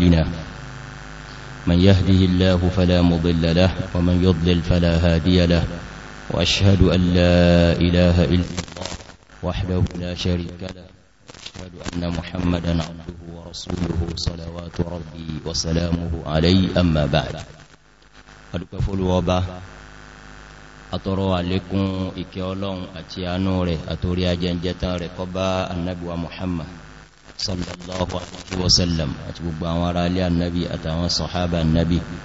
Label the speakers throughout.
Speaker 1: أعمالنا من يهده الله فلا مضل له ومن يضلل فلا هادي له وأشهد أن لا إله إلا الله وحده لا شريك له وأشهد أن محمدا عبده ورسوله صلوات ربي وسلامه عليه أما بعد أدكفل وبا أطروا عليكم إكيولون أتيانوري أتوري أجنجتان رقبا النبوة محمد sallallahu alaihi wasallam àti gbogbo àwọn ará alẹ́ annabi àtàwọn sọ̀hábà annabi àti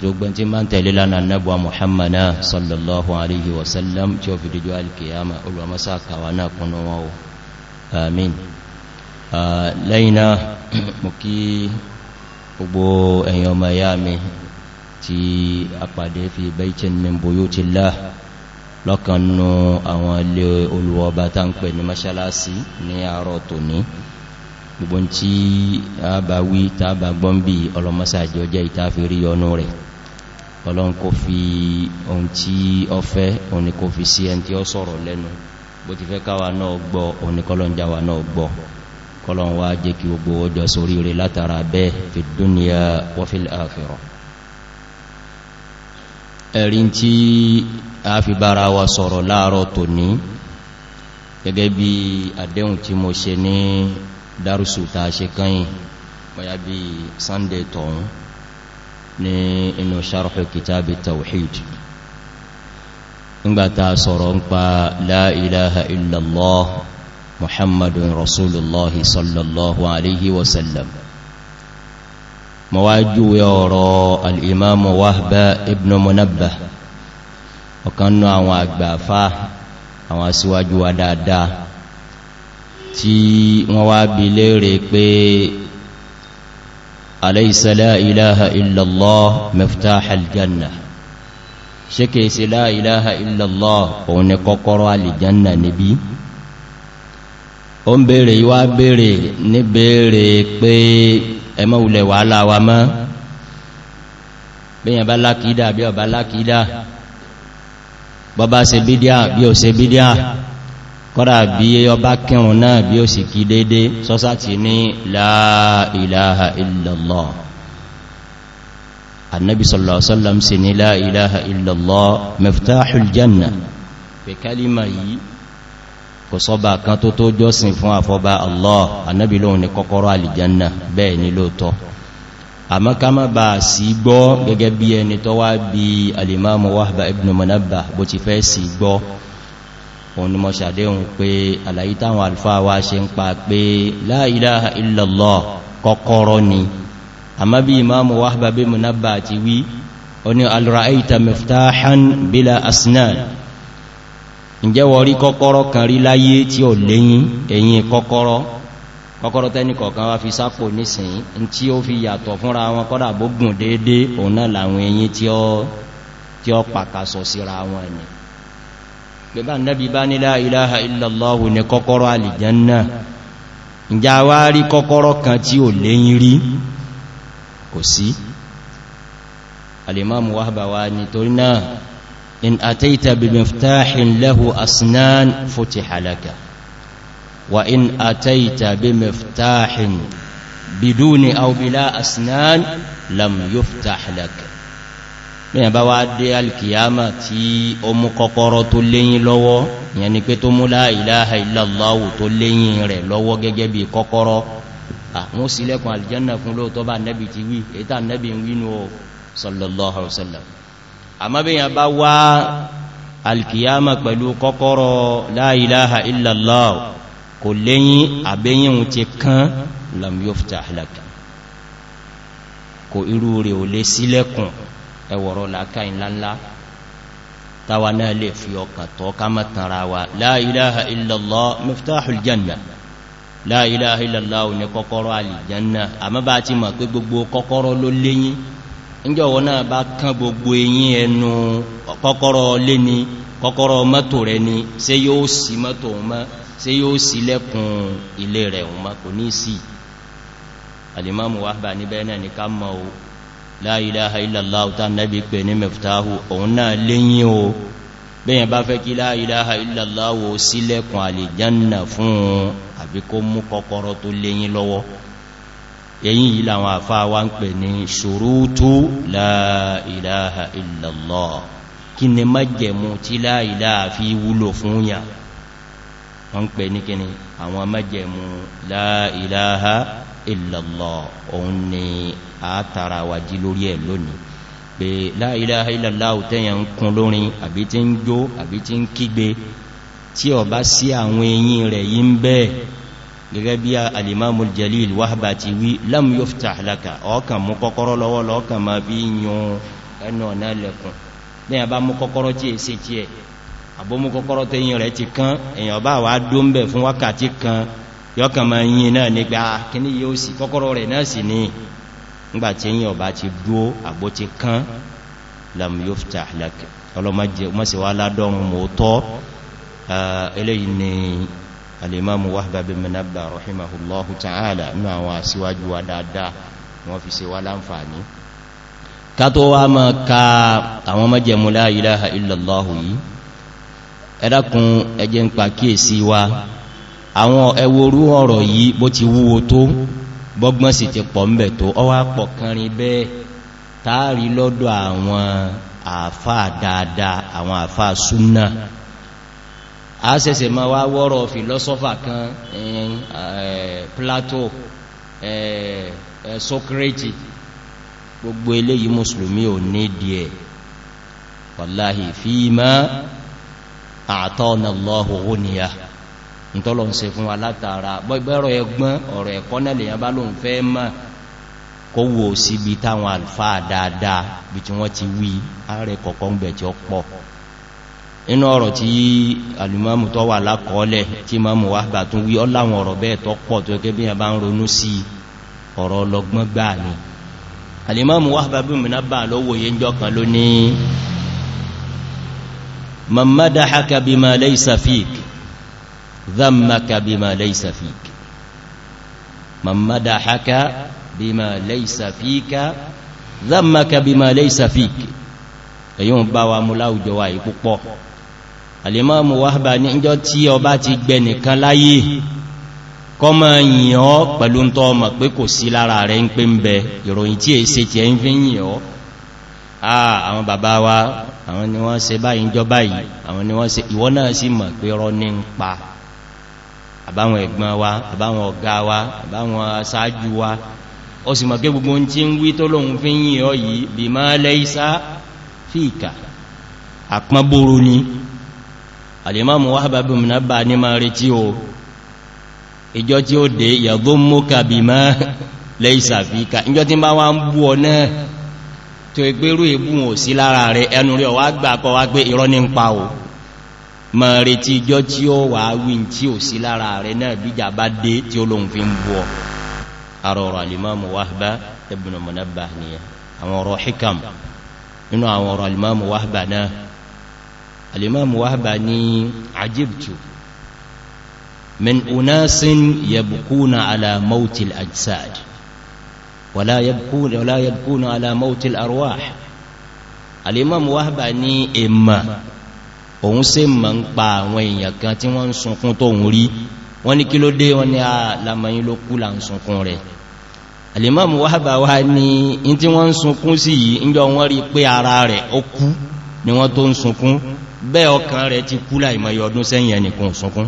Speaker 1: gbogbo tí ma ń tẹ̀lé lánàá annabuwa muhammadu sallallahu alaihi wasallam tí ó fi dìjọ́ alkiyama olùwàmásá kàwà náà kúnnú wọn o amin lẹ́yìnà mú kí gbogbo ẹ̀yàn ọmọ ya mi tí apàdé fi baitin min buyutillah lọ́kànnú àwọn ilé olùwọ́ba tá ń ní mọ́ṣálásí ní àárọ̀ tòní gbogbo tí a bá wí tàbà gbọ́nbí ọlọ́mọ́sàjọ jẹ́ ìtàfèrí ọnú rẹ̀ ọlọ́run kò fi ohun tí ọ fẹ́ òun ni kò fi sí ẹn tí ó sọ̀rọ̀ lẹ́nu bó ti fẹ́ káwa náà gbọ́ òun ni náà gbọ́ kọlọ́n wá jẹ́ kí gbogbo ọjọ́ sórí rẹ̀ látara bẹ́ẹ̀ fi dúnìyà wa sọ̀rọ̀ láàárọ̀ tòní gẹ́gẹ́ bí àdéhùn tí dárùsù ta ṣe kanyìn bóyá bí sunday tọ̀hún ní inú sharhu kitabi tawhid nígbàtà sọ̀rọ̀ ń pa la ilaha illallah muhammadun rasulullahi sallallahu alaihi wasallam ma wá júwé ọ̀rọ̀ al'imamu wahba ibn munabbah ọ̀kannu àwọn àgbàfà àwọn asíwájú wa dáadáa tí wọ́n wá bí léèrè pé alaysa la ilaha illallah miftah aljanna ṣe kèèsì la ilaha illallah òun ni kọ́kọ́rọ́ aljanna níbí o ń bèèrè yíwá bèèrè ní bèèrè pé ẹmọ́ ulẹ̀ wàhálà wa mọ́ bíyàn bá lákìídà bí ọba lákìídà bọ́bá ṣe bídíà bí ò ṣe bídíà kọ́dà bí ọba kírùn náà bí ó sì kí dédé sọ́sá ti ní la ilaha illallah annabi sallallahu alaihi wasallam sì ní la ilaha illallah miftahul janna pé kalima yìí kò sọ́bà kan tó tó jọ́sìn fún àfọ́bá allah annabi lóhun ni kọ́kọ́rọ́ alìjanna bẹ́ẹ̀ ni lóòtọ́ àmọ́ ká má bá sí gbọ́ gẹ́gẹ́ bí ẹni tó bí alimamu wahba ibn manabba bó ti fẹ́ sí gbọ́ òun ni mọ́ ṣàdéhùn pé àlàyé táwọn alfáà wá ṣe ń pa pé la ilaha illallah kọ́kọ́rọ́ ni àmá bí imamu wahba bí munabba ti wí o ní alra'aita miftahan bila asnan ǹjẹ́ wọ́n rí kọ́kọ́rọ́ kan rí láyé tí ó lẹ́yìn ẹ̀yìn kọ́kọ́rọ́ kọ́kọ́rọ́ tẹ́ni kọ̀ọ̀kan wá bẹ̀bá nẹ́bí bá ní la ilaha illallahu ní kọ́kọ́rọ́ alìjánná ìjà wá rí kọ́kọ́rọ́ kan tí ò lẹ́yìn rí kò sí alìmáàmù wáhàbà wá ní torí náà in àtẹ́ta bi miftahin lahu asnan futiha laka wa in àtẹ́ta bi miftahin biduni aw bila asnan lam yuftah laka bíyàn bá wá dé alkiyama tí ó mú kọ́kọ́rọ́ tó léyìn lọ́wọ́ ìyẹn ni pé tó mú la ilaha illallahu tó léyìn rẹ̀ lọ́wọ́ gẹ́gẹ́ bí kọ́kọ́rọ́ àwọn sílẹ̀kùn aljanna fún lóòtọ́ bá nẹ́bì ti wí ètà nẹ́bì wínú sallallahu alaihi wasallam àmọ́ bíyàn bá wá alkiyama pẹ̀lú ẹwọ̀rọ̀ làákàí ńláńlá táwa náà lè fi ọkàn tọ́ ká má tanra wa la ilaha illallah miftahul janna la ilaha illallah ní kọ́kọ́rọ́ aljanna àmọ́ bá ti mọ̀ pé gbogbo kọ́kọ́rọ́ ló léyìn níjọ́wọ́ náà bá kán gbogbo eyín ẹnu kọ́kọ́rọ́ lé ni kọ́kọ́rọ́ mọ́tò rẹ̀ ni ṣé la ilaha illallah ta nabi pè ní mẹ́fútáhù òun náà léyìn o bẹ́yẹn bá fẹ́ kí la ilaha illallah o sílẹ̀kùn àlìjánà fún àbí kó mú kọ́kọ́rọ́ tó léyìn lọ́wọ́ èyí yìí làwọn àfá wa ń pè ní ṣùrútù la ilaha illallah kí wọ́n pè ní kíni àwọn májẹ̀mú la ilaha òun ni àátara wà jí lórí ẹ̀ lónìí pé la ilaha illallah tẹ́yàn ń kún lórin àbí tí ń jó àbí tí ń kígbe tí ó bá sí àwọn eyín rẹ̀ yí ń bẹ́ẹ̀ gẹ́gẹ́ bí alimamul jalil wahba ti wí lam yuftah laka ọkàn mú kọ́kọ́rọ́ lọ́wọ́ lọ́kàn ma bí yan ẹnu ọ̀nà lẹ́kùn ní àbá mú kọ́kọ́rọ́ tí èsì tí ẹ̀ àbómú kọ́kọ́rọ́ tó yìn rẹ̀ ti kán èyàn bá wà dó ń bẹ̀ fún wákàtí kan yọ́kàn ma yìn náà nígbà ah, kíní yóò sì kọ́kọ́rọ́ rẹ̀ náà sì ní nígbàtí yíò bá ti dúó àbó ti kán lam yuftah lak ọlọ́mọdé mọ́síwá ládọ́run mọ́tọ́ eléyìí ni al-imam Wahba bin Munabbah rahimahullahu ta'ala nínú àwọn àsíwájú wa dáadáa wọ́n fi ṣe wá láǹfààní ká tó wá mọ́ ka àwọn mọ́jẹ̀mú la ilaha yìí ẹ̀dàkùn ẹjẹ́ ń pa kíèsí wa àwọn ẹwòrú ọ̀rọ̀ yìí bó ti wúwo tó bọ́gbọ́n sì ti pọ̀ mẹ́ tó ọwá pọ̀ kanrin bẹ́ẹ̀ táàrí lọ́dọ̀ àwọn àfáà dáadáa àwọn àfáà súnnà a sẹsẹ̀ ma wá wọ́rọ̀ fìlọ́sọ́fà kan Plato Socrates gbogbo eléyìí mùsùlùmí ò ní díẹ̀ wàláhì fíìmá àtọ́nà lọ́hùn ó ntọ́lọ̀ ń ṣe fún wa látara bọ́ẹ̀rọ ẹgbọ́n ọ̀rọ̀ ẹ̀kọ́ náà lèyàn bá lóun fẹ́ mọ́ kó wo síbi táwọn àlfáà dáadáa bí tí wọ́n ti wí ààrẹ kọ̀kan bẹ̀ tí ó pọ̀ inú ọ̀rọ̀ tí alìmọ́mù tó wà lákọọ́lẹ̀ tí mọ́mù wá gbà tún wí ọláwọn ọ̀rọ̀ bẹ́ẹ̀ tó pọ̀ tó gẹ́gẹ́ bí i bá ń ronú sí ọ̀rọ̀ ọlọgbọ́n gbà ní alìmọ́mù wá bá bí mìíràn bà lówó yé jọ kan ló ní mammadahaka bima laysa fik dhammaka bima laysa fika man madahaka bima laysa fika dhammaka bima laysa fika èyàn bá wa mú láwùjọ wa yìí púpọ̀ alimamu wahba ní ìjọ tí ọba ti gbẹ nìkan láyé kọ́ ma yìn ọ́ pẹ̀lú tọ́ ọmọ pé kò sí lára rẹ̀ ń pé ń bẹ ìròyìn tí èsè tí ẹ ń fi yìn ọ́ àwọn bàbá wa àwọn ni wọ́n ṣe báyìí jọ báyìí àwọn ni wọ́n ṣe ìwọ náà sì mọ̀ pé rọ́ ní ń pa àbáwọn ẹ̀gbọ́n wa àbáwọn ọ̀gá wa àbáwọn aṣáájú wa ó sì mọ̀ pé gbogbo ń tí ń wí tó lóhun fi ń yìn ọ yìí bí máa lẹ́ìsá fíìkà àpọ́nbóró ni alìmọ́mù wáhábàbí mìnàbà ní máa retí o ìjọ tí ó dé yàgbó mọ́ka bí máa lẹ́ìsá fíìkà ìjọ tí bá wá ń bú ọ náà tó ẹgbérú ìbú wọn sí lára rẹ ẹnu rí ọwá gbà kọ wá pé ìrọ́ ní ń pa o ma retí ijọ́ tí ó wà wí tí ò sí lára rẹ̀ náà bíjà bá dé tí ó lóun fi ń bú ọ àrọ̀rọ̀ alìmáàmù wahba ibn munabbah ni àwọn ọ̀rọ̀ hikam nínú àwọn ọ̀rọ̀ alìmáàmù wahba náà alìmáàmù wahba ni ajibtu min unasin yabkuna ala mautil ajsad wala yabkuna wala yabkuna ala mautil arwah alìmáàmù wahba ni imma òun ṣe mọ̀ ń pa àwọn èèyàn kan tí wọ́n ń sunkún tó ń rí wọ́n ní kí ló dé wọ́n ní àlàmọ̀yìn ló kú là ń sunkún rẹ̀ alìmọ́mù wábà wá ní in tí wọ́n ń sunkún sí yìí ń jọ wọ́n rí pé ara rẹ̀ ó kú ni wọ́n tó ń sunkún bẹ́ẹ̀ ọkàn rẹ̀ ti kú láìmọ̀yọ ọdún sẹ́yìn ẹnìkan sunkún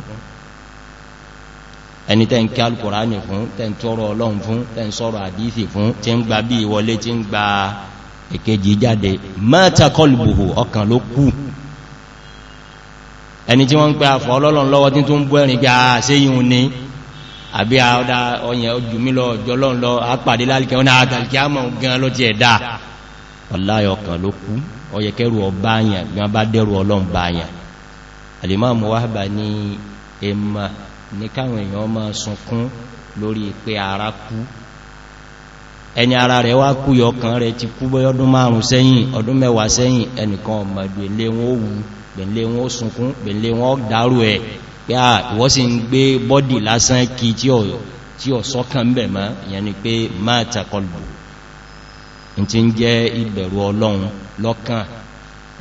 Speaker 1: ẹni tẹ́ ń kí alkùránì fún tẹ́ ń tọrọ ọlọ́run fún tẹ́ ń sọ̀rọ̀ àdífì fún ẹni tí wọ́n ń pẹ́ àfọ́ ọlọ́lọ́n lọ́wọ́ tí tó ń bú ẹ̀rin gbá ṣe yíò ní àbí àọ́dá ọyẹ̀ ojúmílọ ọjọ́lọ́n lọ àpàdé lálìkẹ́ wọn àtàlìkẹ́ àmọ̀ gan ló ti ẹ̀dá ọláyọkàn ló kú ọyẹ̀kẹ́rù ọbáyàn gan bá dẹ́rù ọlọ́n báyàn alìmọ́mù wáhàbà ní ẹmà ní ẹni ara rẹ̀ wá kú yọkàn rẹ̀ ti kú bọ́yọ́dún márùn-ún sẹ́yìn ọdún mẹ́wàá sẹ́yìn ẹnìkan ọmọdé lé wù gbẹ̀nlé wọn ó sunkún gbẹ̀nlé wọn ó dárú ẹ̀ pé à ah, ìwọ́n sì ń gbé bọ́dì lásán kí tí ọ̀ sọ́kàn bẹ̀ mọ́ ìyẹn ni pé máa takọlù in ti ń jẹ́ ìbẹ̀rù ọlọ́run lọ́kàn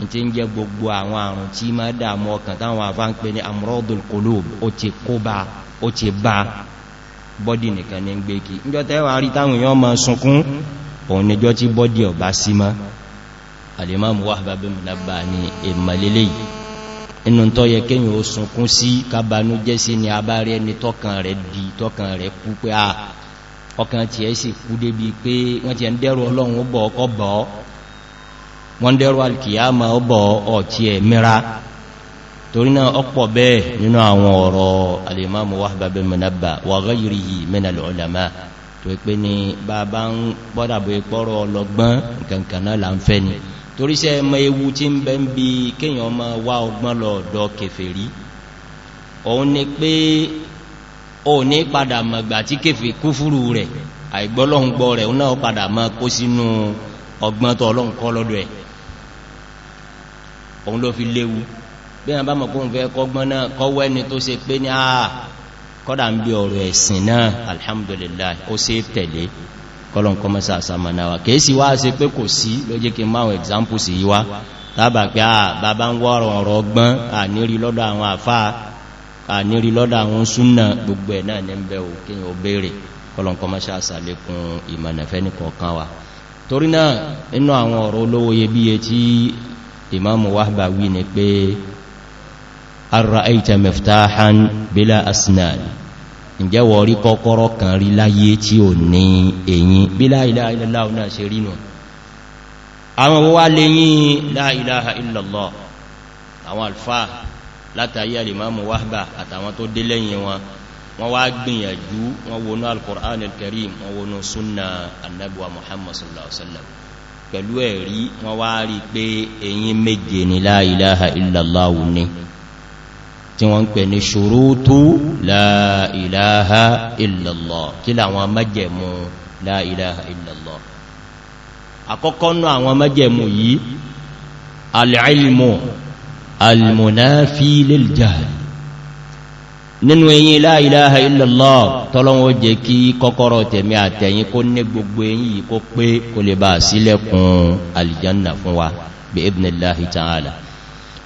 Speaker 1: in ti ń jẹ́ gbogbo àwọn àrùn tí má dàmú ọkàn táwọn àfá ń pè ní amrodul kolob ó ti kó alimamu wahba bin munabba ni ìmọ̀lélé yìí inú tó yẹ kéyàn ó sunkún sí kábanú jẹ́ sí ni a bá rí ẹni tọ́kàn rẹ̀ bí tọ́kàn rẹ̀ kú pé a ah, ọkàn tí ẹ sì kú débi pé wọ́n ti ẹ̀ ń dẹ́rù ọlọ́run ó bọ̀ ọkọ̀ bọ̀ wọ́n dẹ́rù alkiyama ó bọ̀ ọ̀tí ẹ̀ mìíra torí náà ọ̀pọ̀ bẹ́ẹ̀ nínú àwọn ọ̀rọ̀ alimamu wahba bin munabba wa ghayrihi min al-ulama tó pé ní bàbá ń pọ́dàbò ìpọ́rọ̀ ọlọ́gbọ́n kankaná là ń fẹ́ ni toríṣẹ́ ẹmọ ewu tí ń bẹ ń bi kíyàn ọmọ wá ọgbọ́n lọ́ọ̀dọ̀ kèfèrí òun ni pé o ní padà mọ̀gbà tí kèfè kúfúrú rẹ̀ àìgbọ́lọ́ngbọ́ rẹ̀ náà padà mọ́ kó sínú ọgbọ́n tó ọlọ́run kọ́ lọ́dọ̀ ẹ̀ òun ló fi léwu bí wọ́n bá mọ̀ kó fẹ́ kọgbọ́n náà kọwọ́ ẹni tó ṣe pé ní àà kọ́dà ń bí ọ̀rọ̀ ẹ̀sìn náà alhamdulillah ó ṣe tẹ̀lé kọlọ̀n kọmọsà sàmànàwà kèèsì wá ṣe pé kò sí ló jẹ́ kí máwọn examples yìí wá tàbà pé à bàbá ń wọ́rọ̀ ọ̀rọ̀ ọgbọ́n àníri lọ́dọ̀ àwọn àfá àníri lọ́dọ̀ àwọn súnnà gbogbo ẹ̀ náà ní ń bẹ ò kí o béèrè kọlọ̀n kọmọsà sàlékún ìjẹ́wọ̀ rí kọ́kọ́rọ́ kan rí láyé tí ò ní èyí bí la ilaha illallah náà ṣe rí nù àwọn wọ́wá lè yín la ilaha illallah àwọn alfa látàrí alìmọ́mù wahba àtàwọn tó dé lẹ́yìn wọn wọ́n wá gbìyànjú wọ́n wọnú al-Qur'an al-Karim wọ́n wọnú súnà annabuwa Muhammad tí wọ́n ń pè ní ṣòrótó láìláha ìlàlọ́ kí láwọn mẹ́jẹ̀mú láìláha ìlàlọ́ àkọ́kọ́ nú àwọn mẹ́jẹ̀mú yìí alìlmù alìmùnáfí lèljàl nínú eyín láìláha ìlàlọ́ tọ́lọ́wọ́ jẹ́ kí kọ́kọ́rọ̀ tẹ̀mí àtẹ̀yìn kó ní gbogbo eyín yìí ta'ala.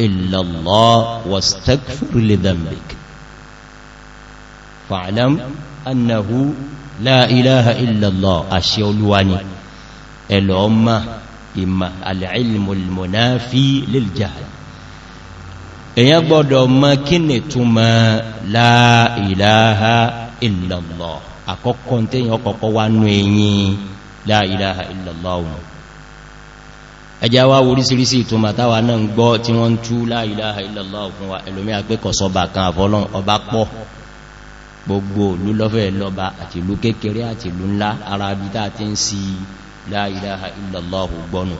Speaker 1: إلا الله واستغفر لذنبك فاعلم أنه لا إله إلا الله أشياء الواني الأمة إما العلم المنافي للجهل èyàn gbọ́dọ̀ mọ̀ kí ni túnmọ̀ la ilaha illallah àkọ́kọ́ tí èyàn kọ́kọ́ wá nú èyí la ilaha illallah wọn ẹjá wá orísìírísì ìtumà táwà náà ń gbọ́ tí wọ́n ń tú la ilaha illallah fún wa ẹlòmí àpẹ́kọ̀sọba kan àfọ́lọ́n ọba pọ̀ gbogbo ìlú lọ́fẹ́ lọ́ba àti ìlú kékeré àti ìlú ńlá ara bí ti ń sí la ilaha illallah gbọ́nù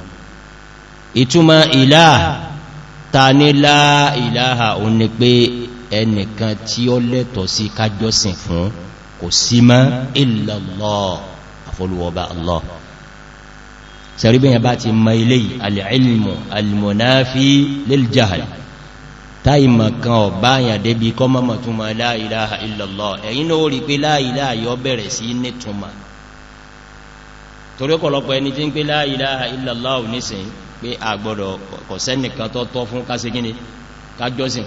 Speaker 1: sẹ̀ríbìyàn bá ti mọ ilé alìílmù alìmọ̀náfí liljahal táìmà kan ọ̀bá àyàn débi kọ́ mọ́mọ̀ túnmà la ilaha illallah ẹ̀yìn náà rí pé la ilaha yọ bẹ̀rẹ̀ sí ní túnmà torí ọ̀pọ̀lọpọ̀ ẹni tí ń pé la ilaha illallah nísìn pé àgbọ̀dọ̀ kọ̀sẹ́nìkan tó tọ́ fún kásígíní kájọ́sìn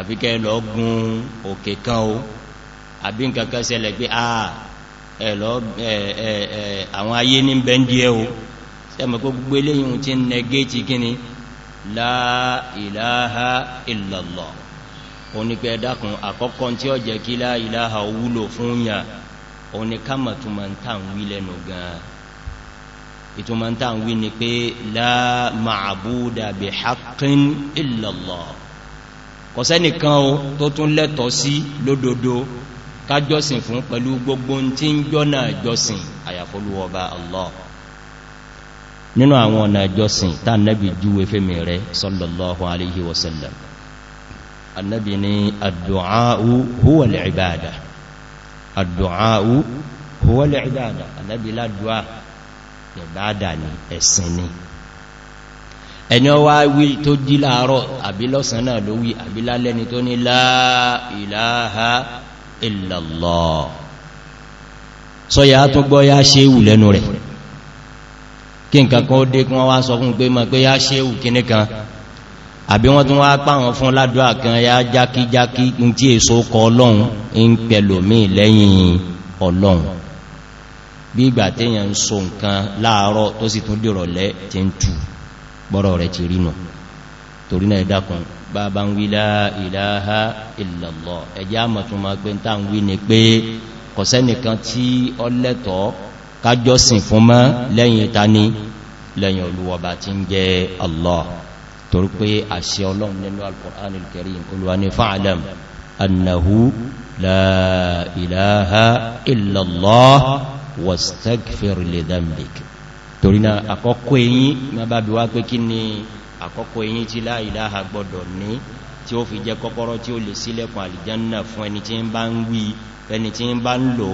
Speaker 1: àfikẹ́ lọ gún òkè kan o àbí nkankan ṣẹlẹ̀ pé a ẹ̀lọ àwọn ayé ní bẹ́ndì ẹ o sẹ́mọ̀ kó gbogbo eléyìn tí ń nẹgẹ́tì kíni la ilaha illallah onípe ẹ̀dàkùn àkọ́kọ́ tí ó jẹ́ kí la ilaha wúlò fún yà oníkàmà túnmọ̀ntàwí lẹ́nu gan ìtúnmọ̀ntàwí ni pé la ma'abuda bihaqqin illallah kọ̀sẹ́nìkan o tó tún lẹ́tọ̀ sí lódodo kájọ́sìn fún pẹ̀lú gbogbo tí ń jọ́nà jọ́sìn àyàfolúwọba Allah nínú àwọn ọ̀nà jọ́sìn tá nẹ́bì júwe fẹ́mì rẹ̀ sallallahu alaihi wasallam annabi ni addu'a'u huwa ẹni ọwá wí tó jí láàárọ̀ àbí lọ́sàn náà ló wí àbí lálẹ́ni tó ní la ilaha illallah sọ́yà tó gbọ́ yá ṣéwù lẹ́nu rẹ̀ kí nǹkan kan ó dé kí wọ́n wá sọ fún pé mọ̀ pé yá ṣéwù kíní kan àbí wọ́n tún wá páwọn fún ládùá kan yá jákíjákí ń tí èso kọ ọlọ́run ń pẹ̀lòmí lẹ́yìn ọlọ́run bí ìgbà téèyàn ń so nǹkan láàárọ̀ tó sì tún dìrọ̀lẹ́ ti ń tù bọ́rọ̀ rẹ̀ ti rí nù torí náà ẹ̀dàkùn bàbá ń wí láà ìlàáha ìlàlọ́ ẹjá mọ̀túnmà pé ń tàn wí ni pé kọ̀sẹ́nìkan tí ọ lẹ́tọ̀ kájọ́sìn fún mọ́ lẹ́yìn ìtaní lẹ́yìn olúwọba ti ń jẹ́ allah torí pé àṣẹ ọlọ́run nínú torí náà àkọ́kọ́ eyín ma bá bí wá pé kí ni àkọ́kọ́ eyín tí la ilaha ní tí ó fi jẹ́ kọ́kọ́rọ́ tí ó lè ṣílẹ̀kùn àlìjánà fún ẹni tí ń bá ń wí ẹni tí ń bá ń lò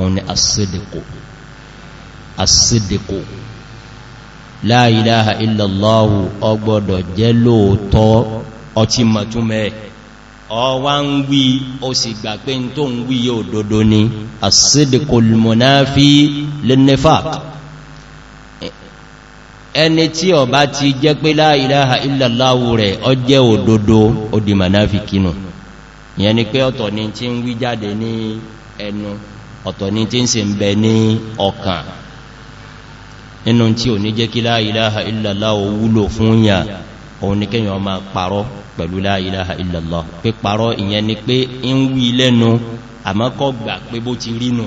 Speaker 1: òun ló as-sidqu as-sidqu la ilaha illallahu ọgbọ́dọ̀ jẹ́ lóòtọ́ ọtí mọ̀túnmẹ́ ọwá ń wí ó sì gbà pé ń tó ń wí yóò dodo ni as-sidqul munafi lin-nifaq ẹni tí ó pé ọ̀tọ̀ ni tí ń wí jáde ní ẹnu ọ̀tọ̀ ni tí ń ṣe ń bẹ ní ọkàn nínú tí ò ní jẹ́ kí la ilaha illallah ó wúlò fún yà òun ní kíyàn ọmọ parọ́ pẹ̀lú la ilaha illallah pé parọ́ ìyẹn ni pé ń wí lẹ́nu àmọ́ kò gbà pé bó ti rínú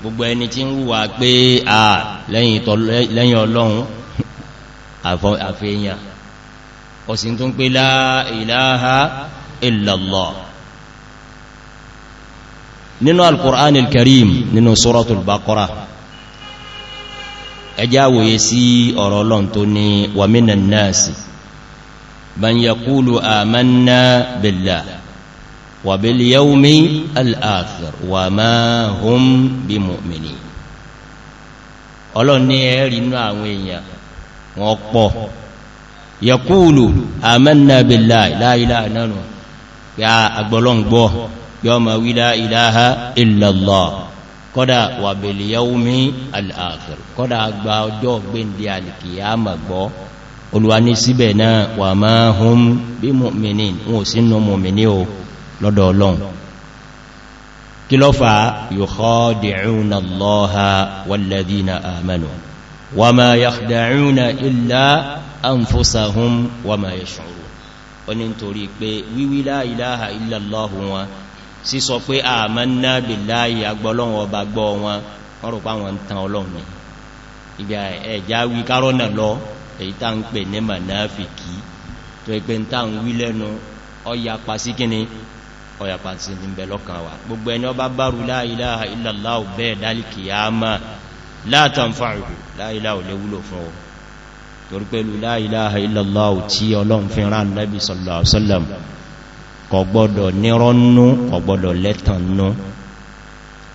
Speaker 1: gbogbo ẹni tí ń wùwà pé à lẹ́yìn ọlọ́run àfẹ́yàn ọ̀sìn tó ń pé la ilaha illallah al-Qur'an al-Karim nínú suratul Baqarah ẹjá wòye sí ọ̀rọ̀ ọlọ́n tó ní wàmínà náàsì bá ń yà kúlù àmánà bèlà wàbílì yaumi al'afir wà máa hún bí mọ̀mìnì ọlọ́n ní ẹ̀rí inú àwọn èèyàn wọn pọ̀ yà kúlù àmánà bèlà láìlá náà kọ́dá wà bil yawmi al-akhir kọ́dá gba ọjọ́ gbéǹdé alìkìyàmà gbọ́ olúwa ní síbẹ̀ náà wa ma hum bi mu'minin wọn ò sínú mọ̀mìnì o lọ́dọ̀ ọlọ́run kí ló fà yukhadi'una Allaha walladhina amanu sísọ pé àmànà billahi agbọ́lọ́wọ́ ọba gbọ́ wọn kọ́rọ̀ páwọn tán ọlọ́run ni ìgbà ẹ̀já wí kárọ́nà lọ èyí tá ń pè ní mànáfìkì tó ẹgbẹ́ ń tá ń wí lẹ́nu ọyapa sí kíni ọyapa sí ní bẹ̀ lọ́kàn wa gbogbo ẹni ọba bárù la ilaha kò gbọ́dọ̀ nírọ́nú kò gbọ́dọ̀ lẹ́tànnú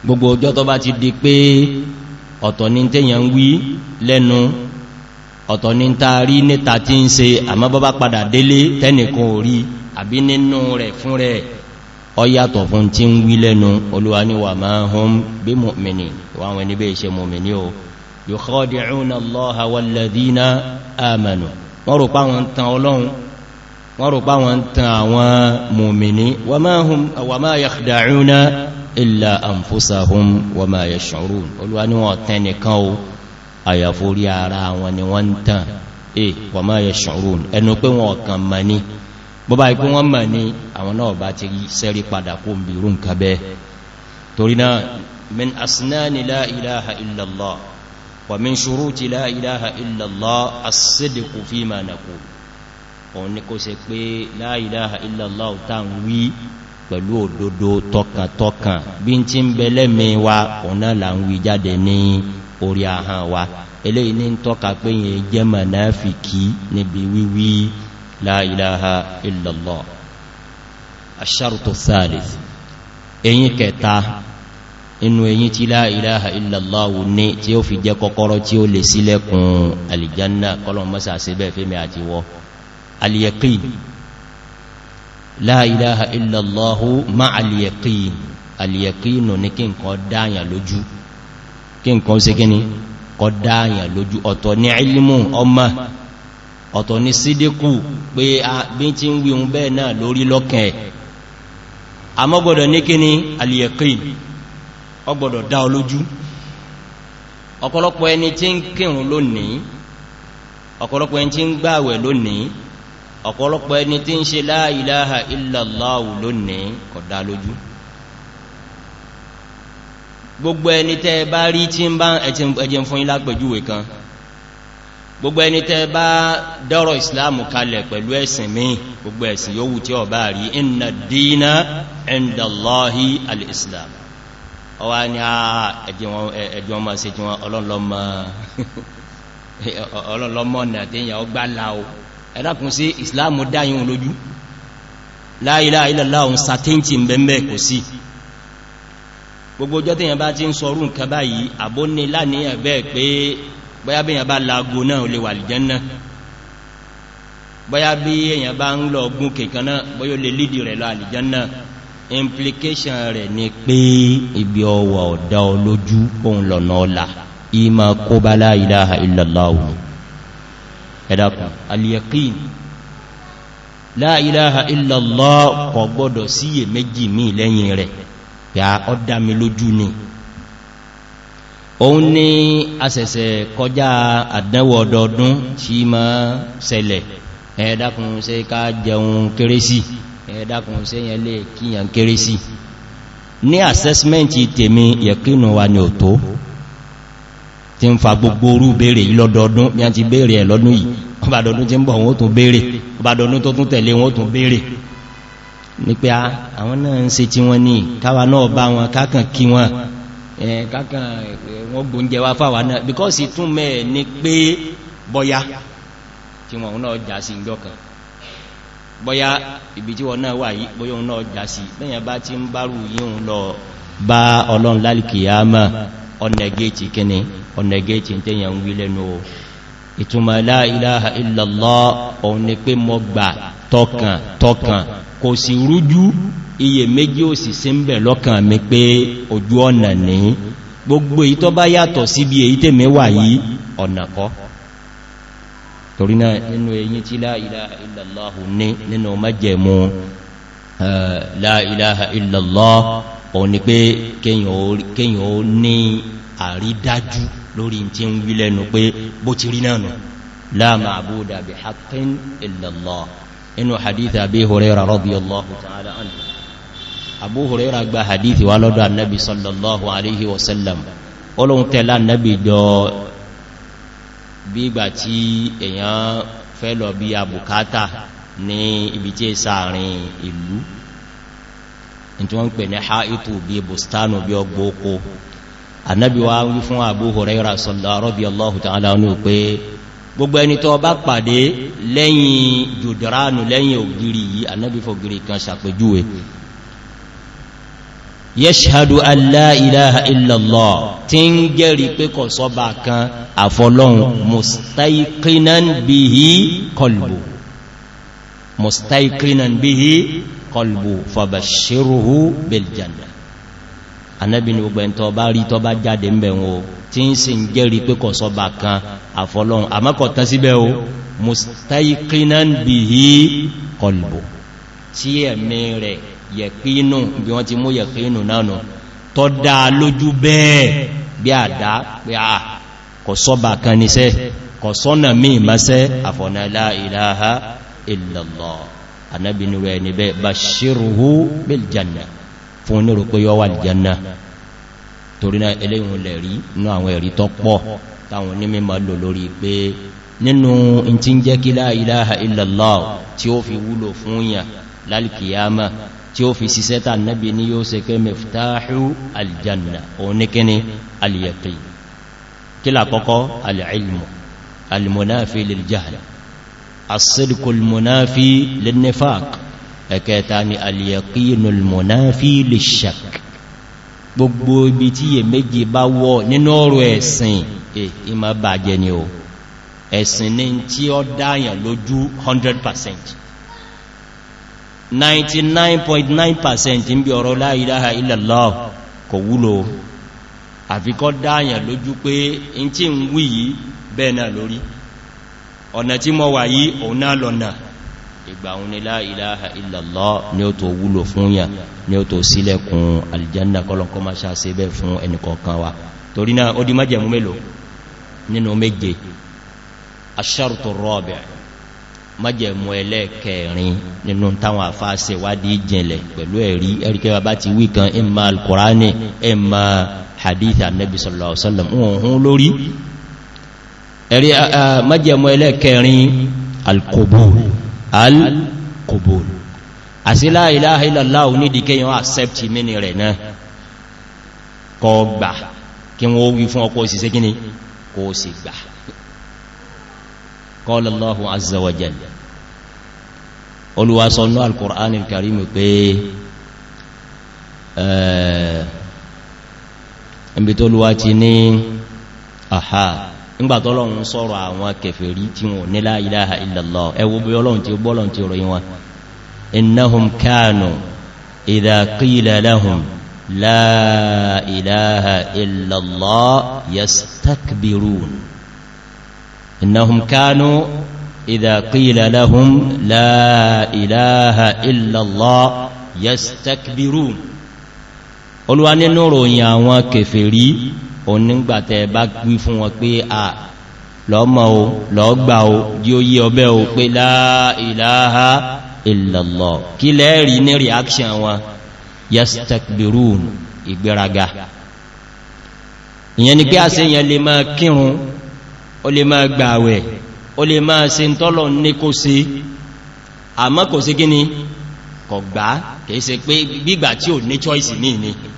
Speaker 1: gbogbo ọjọ́ tó bá ti di pé ọ̀tọ̀ ní tẹ́yàn ń wí lẹ́nu ọ̀tọ̀ ní taari níta tí ń ṣe àmọ́ bọ́bá padà délé tẹ́nìkan orí àbí nínú rẹ̀ fún rẹ̀ ọ fún tí ń wí lẹ́nu olúwa ní wà máa Allaha walladhina amanu wọ́n rò wọ́n rò pá wọn tàn àwọn mùmìní wa ma yakhda'una illa anfusahum wa ma yash'urun olúwa ní wọ́n tẹ́ nìkan o àyàforí ara wọn ni wọ́n tàn e wa ma yash'urun ẹnu pé wọn kàn mọ̀ ní bọ́bá ikú wọn mọ̀ ní àwọn náà bá ti sẹ́rí padà kó bí rú òun ni kó se pé la ilaha illallah tàn wí pẹ̀lú òdodo tọkàntọkàn bí n tí ń bẹ̀lẹ́mi wa òun náà là ń wí jáde ní orí ahọ́n wa eléyìí ní tọ́ka pé yẹn jẹ́ mùnáfìkí níbi wíwí la ilaha illallah ash-shartu la ilaha illallah ní tí ó fi jẹ́ kọ́kọ́rọ́ tí ó lè ṣílẹ̀kùn alìjánná kọlọ̀mọ́sà síbẹ̀ fẹ́mi àti wọ́ aliyaqin la ilaha illallahu ma aliyaqin aliyaqin ní kí nǹkan dáyàn lójú kí nǹkan sí kí ni kọ dáyàn lójú ọ̀tọ̀ ní ilmù ọmọ ọ̀tọ̀ ní sídíkù pé a ah, bí tí ń wíhun bẹ́ẹ̀ náà lórí lọ́kàn ẹ̀ àmọ́gbọ̀dọ̀ ní kí ni aliyaqin ọgbọ̀dọ̀ dá olójú ọ̀pọ̀lọpọ̀ ẹni tí ń kírun lónìí ọ̀pọ̀lọpọ̀ ẹni tí ń gbààwẹ̀ lónìí ọ̀pọ̀lọpọ̀ ẹni tí ń ṣe la ilaha lónìí kò dá lójú gbogbo ẹni tẹ́ bá rí tí ń bá ẹjẹ́ fún ilá pẹ̀júwé kan gbogbo ẹni tẹ́ bá dọ́rọ̀ islam kalẹ̀ pẹ̀lú ẹ̀sìn mi gbogbo ẹ̀sìn yóò tí ọ bá rí islam ẹjọ́ ẹ̀dàkùn sí ìsìláàmù dáyìn lójú la ilaha illallah sàtíntì mbẹ̀mbẹ̀ kò sí gbogbo ọjọ́ tí yẹn bá ti ń sọrú nǹkan báyìí àbóní láníyàn bẹ́ẹ̀ pé bóyá bí yẹn bá laago náà ò lè wà àlìjánnà bóyá bí èyàn bá ń lọ gún kèkàn náà bóyá lè lídì rẹ̀ lọ àlìjánnà implication rẹ̀ ni pé ibi ọwọ̀ ọ̀dá olójú òun lọ̀nà ọ̀la ìmọ̀ kó bá la ilaha ẹ̀dàkùn al-yaqin la ilaha illallah kò gbọ́dọ̀ síyè méjì mí lẹ́yìn rẹ̀ ya ọdá mi lójú ni òun ní asẹ̀sẹ̀ kọjá àdánwò ọdọọdún tí ma ṣẹlẹ̀ ẹ̀ẹ́dàkùn ṣe ká jẹun kérésì ẹ̀ẹ́dàkùn ṣe yẹn kíyàn kérésì ní assessment tèmi yẹ̀kínu wa ni ò tó tí ń fa gbogbo orú béèrè yìí lọ́dọọdún bí a ti béèrè ẹ̀ lọ́dún yìí ọbàdọdún tí ń bọ̀ wọn ó tún béèrè ọbàdọdún tó tún tẹ̀lé wọn ó tún béèrè ní pé ah, àwọn náà ń se tí wọ́n ní káwa náà bá wọn kákan kí wọn kákan wọ́n gbóúnjẹ wá fáwà náà because tún mẹ́ ní pé bọ́yá tí wọ́n náà já sí ìjọ kan bọ́yá ibi tí wọ́n náà wà yí bóyá náà já sí bẹ́yàn bá ti ń bárù yíhun lọ bá ọlọ́run lálìkìyàmá ọ̀nẹ̀gẹ́ẹ̀tì kíni ọ̀nẹ̀gẹ́ẹ̀tì tẹ́yàn ń wí lẹ́nu o ìtumọ̀ la ilaha illallah òun ni pé mọ́ gbà tọkàn tọkàn kò sì rújú iye méjì ò sì sí ń bẹ̀ lọ́kàn mi pé ojú ọ̀nà ní gbogbo èyí tó bá yàtọ̀ síbi èyí tèmi wà yìí ọ̀nà kọ́ la ilaha illallah ní eh, la ilaha illallah òun ni pé kéyàn ó ní àrídájú lórí tí ń wí lẹ́nu pé bó ti rí náà nù
Speaker 2: la ma'buda
Speaker 1: bi haqqin illa Allah inú hadith Abi Hurairah radiyallahu ta'ala anhu Abu Hurairah gba hadith wa ibi tí sáàrin ìlú tí wọ́n ń pè ní haitu bí bustanu bí ọgbọ́ oko annabi wa wí fún Abu Hurairah radiyallahu ta'ala anhu pé gbogbo ẹni tó bá pàdé lẹ́yìn jùdìránù lẹ́yìn ògiri yìí annabi fògiri kan sàpèjúwe yashhadu an la ilaha illallah tí ń gẹ́rí qalbu fabashshirhu bil janna anábi ni gbogbo ẹ̀ntọ́ bá rí tọ́ bá jáde ń bẹ̀wọ̀n o tí ń sin jẹ́rí pé kọ̀ sọba kan àfọlọ́run àmọ́kọ̀tán síbẹ̀ o mustaiqinan bihi qalbu tí ẹ̀mí rẹ̀ yẹ̀kínù bí wọ́n ti mú yẹ̀kínù náà tọ́ dá lójú bẹ́ẹ̀ ah, illallah anábi ni rẹ̀ níbẹ̀ bashiruhu bil janna fún onírò pé yọ́ wà lè janna torí náà eléyìn lè rí inú àwọn ẹ̀rí tó pọ̀ táwọn onímọ̀ ma lò lórí pé nínú in ti ń jẹ́ kí la ilaha tí ó fi wúlò fún yàn lálkìyàmá tí ó fi síṣẹ́ tà nábi ní yóò se pé miftahu aljanna الصدق المنافي للنفاق، ẹ̀kẹta اليقين المنافي للشك. lishak gbogbo ibi tí yẹ méjì bá wọ nínú ọ̀rọ̀ ẹ̀sìn eh ima bàjẹ́ ni o ẹ̀sìn ní tí ó dáyàn lójú 100% 99.9% ń bí ọ̀rọ̀ la ilaha illallah kò wúlò àfikọ́ dáyàn lójú pé in tí ń wí yìí bẹ́ẹ̀ náà lórí 99.9% ọ̀nà tí mọ́ wà yí òun náà lọ́nà ìgbà òun ni la ilaha illallah ni ó tó wúlò fún yà ni ó tó sílẹ̀kùn aljanna kọlọ̀kọ́ ma ṣá se bẹ́ fún ẹnìkọ̀ọ̀kan wa torí náà ó di májẹ̀mú mélòó nínú méje aṣáàrùtò rọ́ọ̀bẹ̀ májẹ̀mú ẹlẹ́ẹ̀kẹrin nínú táwọn àfáàsẹ̀ wádìí jìnlẹ̀ pẹ̀lú ẹ̀rí ẹ̀ríkẹ́ bá ti wí kan imma ẹ̀rí májẹ̀mọ́ ẹlẹ́kẹrin alkobol alkobol àsílá ilaha illallah onídìíkẹyàn accept mini rẹ̀ náà kọ gbà kí wọ́n wí fún ọkọ̀ òsìsẹ́ gíní kò sì gbà qala Allahu azza wa jalla olùwàsọ̀nà al-Qur'an al-Karim pé ẹ̀ẹ̀ ibi tó lùwà ti ní àhàá nígbàtí ọlọ́run sọ́rọ̀ àwọn kèfèrí tí wọn ní la ilaha illallah ẹwọ bí ọlọ́run tí ó bọ́lọ́run tí ròyìn wọn innahum kanu idha qila lahum la ilaha illallah yastakbirun innahum kanu idha qila lahum la olúwa nínú ròyìn àwọn kèfèrí onígbàtẹ̀ bá gbí fún wọn pé a lọ́mọ o lọ́gbà o jí ó yí ọbẹ̀ o pé la ilaha illallah kí lẹ́rí ní reaction wọn yastakbirun ìgbéraga ìyẹn ni pé a se yẹn lè máa kírun o lè máa gbàwẹ̀ o lè máa se tọ́lọ ní kó se àmọ́ kò sí gíní kọ̀gbá kìí se pé gbígbà tí ò ní choice ní ni, ni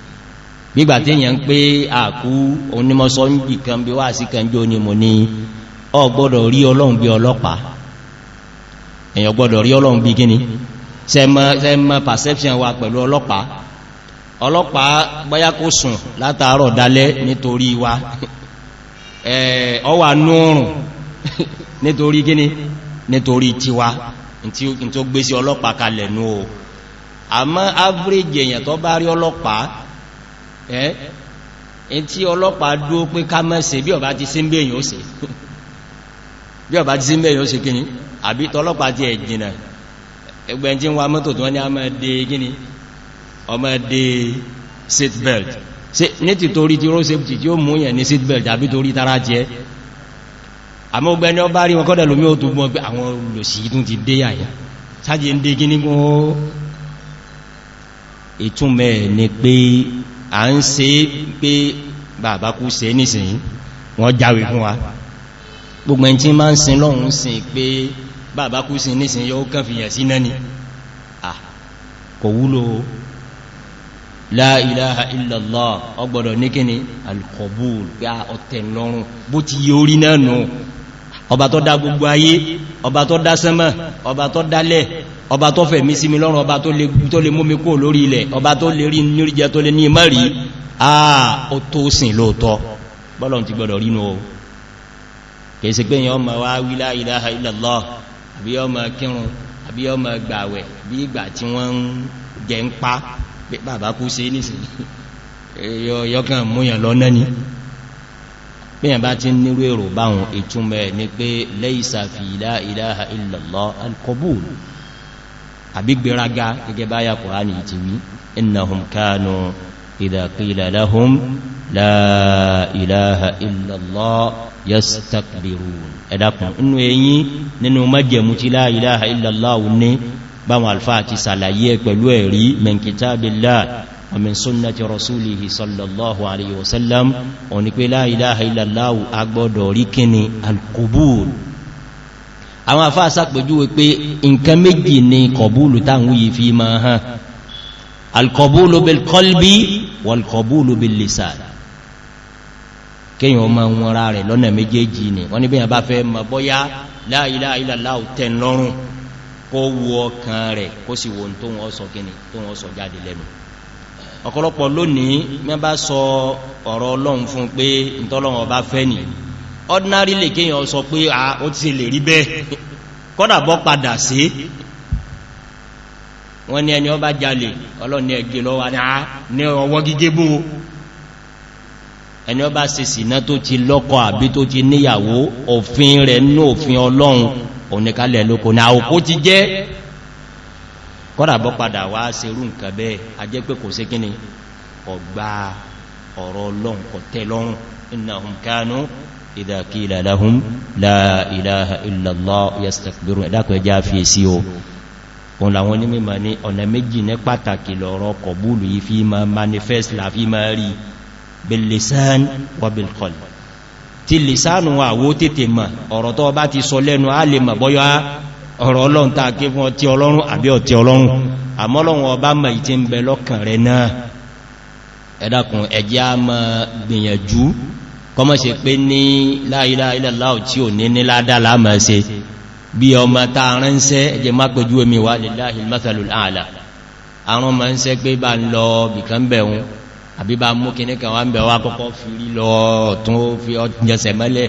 Speaker 1: nígbàtí èyàn pé àkú onímọ̀sọ́ ń bì kan bí wá sí kan jó ní mo ní ọ gbọ́dọ̀ rí ọlọ́run bí ọlọ́pàá èyàn gbọ́dọ̀ rí ọlọ́run bí gíní sẹ́mọ́ perception wa pẹ̀lú ọlọ́pàá ọlọ́pàá báyá kó sùn látàárọ̀ dálẹ́ nítorí wa ọwà núrùn nítorí gíní nítorí tiwa tí ó gbé sí ọlọ́pàá kalẹ̀ nú o àmọ́ average èyàn tó bá rí ọlọ́pàá ẹ́ in tí ọlọ́pàá dúó pé ká má ṣe bí ọba ti sí ń bèèyàn ó ṣe bí ọba ti sí ń bèèyàn ó ṣe kíni àbí tọlọ́pàá ti ẹ̀jìnà ẹgbẹ́ tí ń wa mọ́tò tí wọ́n ní a máa dé kíni ọmọ dé seatbelt ní ti torí ti rosebti tí ó mú yẹn ní seatbelt àbí torí tara jẹ́ àmọ́ ọgbẹ́ni ọba rí wọn kọ́dẹ̀ lómi ó tó gbọ́n pé àwọn olùsí tún ti dé àyà sáàjì ń dé kíní gún ó ni pé à ń ṣe pé bàbá kú ṣe nísìnyí wọ́n jáwé fún wa gbogbo ẹni tí máa ń sin lọ́hun sin pé bàbá kú sin nísìnyí ó kàn fìyàn sí náà ni kò wúlò la ilaha ọgbọ̀dọ̀ ní kíni alkọ̀bùl gbá ọ̀tẹ̀ lọ́rùn bó ti yí orí náà nù ọba tó dá gbogbo ayé ọba tó dá sánmà ọba tó dálẹ̀ ọba tó fẹ̀mí sí mi lọ́rùn ọba tó lè mú mi kó lórí ilẹ̀ ọba tó lè rí níríjẹ tó lè ní ìmọ́ rí àà ó tó sìn lóòtọ́ bọ́lọ̀ ti gbọ́dọ̀ rínú o kèsì pé yọ ọmọ wá wílá ìlàhà ìlàlọ́ àbí ọmọ kírun àbí ọmọ gbàwẹ̀ bí ìgbà tí wọ́n ń jẹ ń pa bàbá kú sí nísìnyí yọkàn múyàn lọ́nà ni bíyàn bá ti nírú èrò báhùn ìtúnmẹ̀ ní pé lẹ́ìsà fi la ilaha illallah alkobul àbí gbéraga gẹ́gẹ́ báyà kùránì ti wí innahum kanu idha qila lahum la ilaha illallah yastakbirun ẹ̀dàkùn inú èyí nínú májẹ̀mú ti la ilaha illallah ní báwọn alfáà ti ومن سنة رسوله صلى الله عليه وسلم ونقول لا إله إلا الله أكبر دوريكني القبول àwọn àfáà sàpèjúwe pé nǹkan méjì ni kọ̀búlù táwọn yìí fi máa hàn alkọ̀búlù bil kọlbí wọlkọ̀búlù bil lisan kíyàn ọmọ wọn ra rẹ̀ lọ́nà méjèèjì ni wọ́n ni bí yàn ọ̀pọ̀lọpọ̀ lónìí mẹ́ bá sọ ọ̀rọ̀ ọlọ́run fún pé ìtọ́lọ́run ọba fẹ́ nì ordinary lè kéyàn sọ pé a ó ti lè rí bẹ́ẹ̀ kọ́dà bọ́ padà sí wọ́n ní ẹni ọba jalè ọlọ́ni ẹgbẹ̀ lọ́wà ní ọwọ́ gígé bó ẹni ọba se sínà tó ti lọ́kọ àbí tó ti níyàwó òfin rẹ̀ ní òfin ọlọ́run òníkalẹ̀ lóko ní àwòkó ti jẹ́ kọ́dàbọ́ padà wá serú nǹkan bẹ́ẹ̀ a jẹ́ pé kò sí kíni ọgbà ọ̀rọ̀ ọlọ́run kọ̀tẹ́ lọ́rùn innahum kanu idha qila lahum la ilaha illallah yastakbirun ẹ̀dàkọ̀ ẹjá fi sí o òun làwọn onímọ̀ ní àwó tètè mọ̀ ọ̀rọ̀ tó bá ti sọ lẹ́nu á lè mọ̀ bọ́yọ́ ọ̀rọ̀ ọlọ́run tàà kí fún ọtí ọlọ́run àbí ọtí ọlọ́run àmọ́lọ́run ọba mọ̀ ìtí ń bẹ lọ́kàn rẹ̀ náà ẹ̀dàkùn ẹ̀jẹ́ a mọ̀ gbìyànjú kọmọ̀ ṣe pé ní láìláìláìláò tí ò ní ní ládàlá mọ̀ ṣe bí ọmọ ta ránṣẹ́ ẹjẹ má pẹ̀jú omi wà lèláhì mẹ́sàlùl ààlà mú kìníkà wá ń bẹ̀wà kọ́kọ́ fi lọ tún fi ọjọ́sẹ̀ mẹ́lẹ̀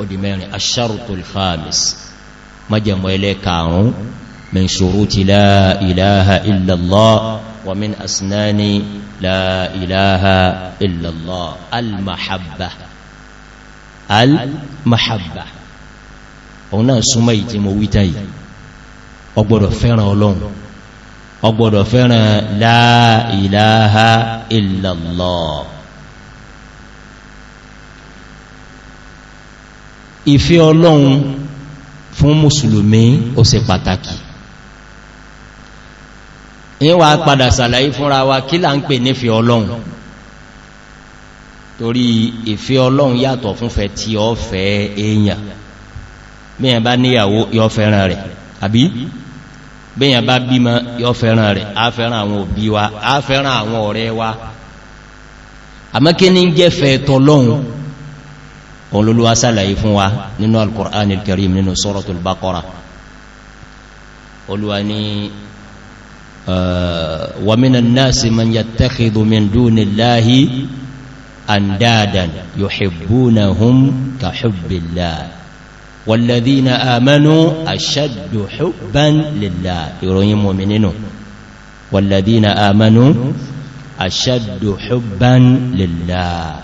Speaker 1: odi mẹ́rin asharutul khamis májẹ̀mọ́ ẹlẹ́kàrún min ṣuruti la ilaha illallah wa min asnani la ilaha illallah al-mahabba al-mahabba òun náà súnmọ́ ìtí mo wítà yìí ọgbọ̀dọ̀ fẹ́ràn ọlọ́run ọgbọ̀dọ̀ fẹ́ràn la ilaha illallah ìfẹ́ ọlọ́run fún mùsùlùmí ó ṣe pàtàkì yíò wá padà sàlàyé fúnra wa kí là ń pè nífẹ́ ọlọ́run torí ìfẹ́ ọlọ́run yàtọ̀ fúnfẹ́ tí ọ fẹ́ èèyàn bíyàn bá níyàwó yọ fẹ́ràn rẹ̀ àbí bíyàn bá bímọ yọ fẹ́ràn rẹ̀ á fẹ́ràn àwọn òbí wa á fẹ́ràn àwọn ọ̀rẹ́ wa àmọ́kí ní jẹ́fẹ́ tọ́lọ́run òun lólúwá sàlàyé fún wa nínú al-Qur'an al-Karim nínú Suratul Baqara olúwa ní wa minan nasi man yattakhidhu min dunillahi andadan yuhibbunahum ka hubbillah والذين آمنوا أشد حبا لله يروي مؤمنين والذين آمنوا أشد حبا لله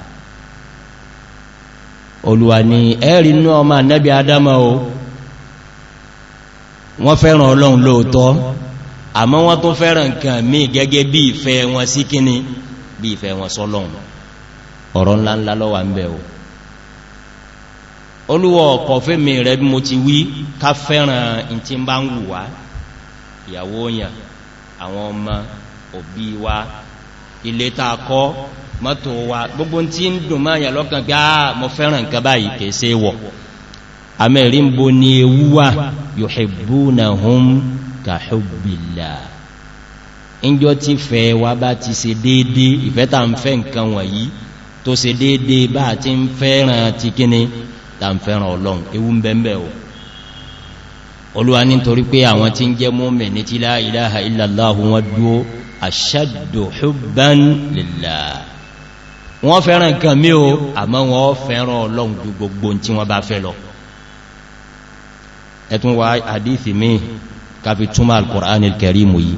Speaker 1: olùwà ni ẹ̀rì inú ọmọ ànẹ́bí adama o wọ́n fẹ́ràn ọlọ́run lóòtọ́ àmọ́ wọ́n tó fẹ́ràn nǹkan mí gẹ́gẹ́ bí ìfẹ́ wọn sí kíní bí ìfẹ́ wọn sọ́lọ́run ọ̀rọ̀ ńláńlá lọ́wà ń bẹ̀ o olúwọ̀ ọ̀kọ̀ fẹ́mi rẹ̀ bí mo ti wí ká fẹ́ràn in ti bá ń wù wá ìyàwó òyàn àwọn ọmọ òbí wa ilé ta kọ́ mọ́tò wa gbogbo tí ń dùn máa yàn lọ́kàn pé àà ah, mọ́ fẹ́ràn nǹkan báyìí kèé sí wọ̀ amẹ́rin bo ni ewu wa yuhibbunahum ka hubbillah ìjọ tí fẹ́ wa bá ti ṣe déédé ìfẹ́ta ń fẹ́ nǹkan olúwa nítorí pé àwọn tí ń jẹ́ mọ́mẹ̀ ní tí la ilaha illallah wọn dúó ashaddu hubban lillah wọ́n fẹ́ràn nǹkan mí o àmọ́ wọ́n fẹ́ràn ọlọ́run ju gbogbo tí wọ́n bá fẹ́ lọ ẹ̀tún wa hadithi mi káfi túnmà al-Qur'an al-Karim yìí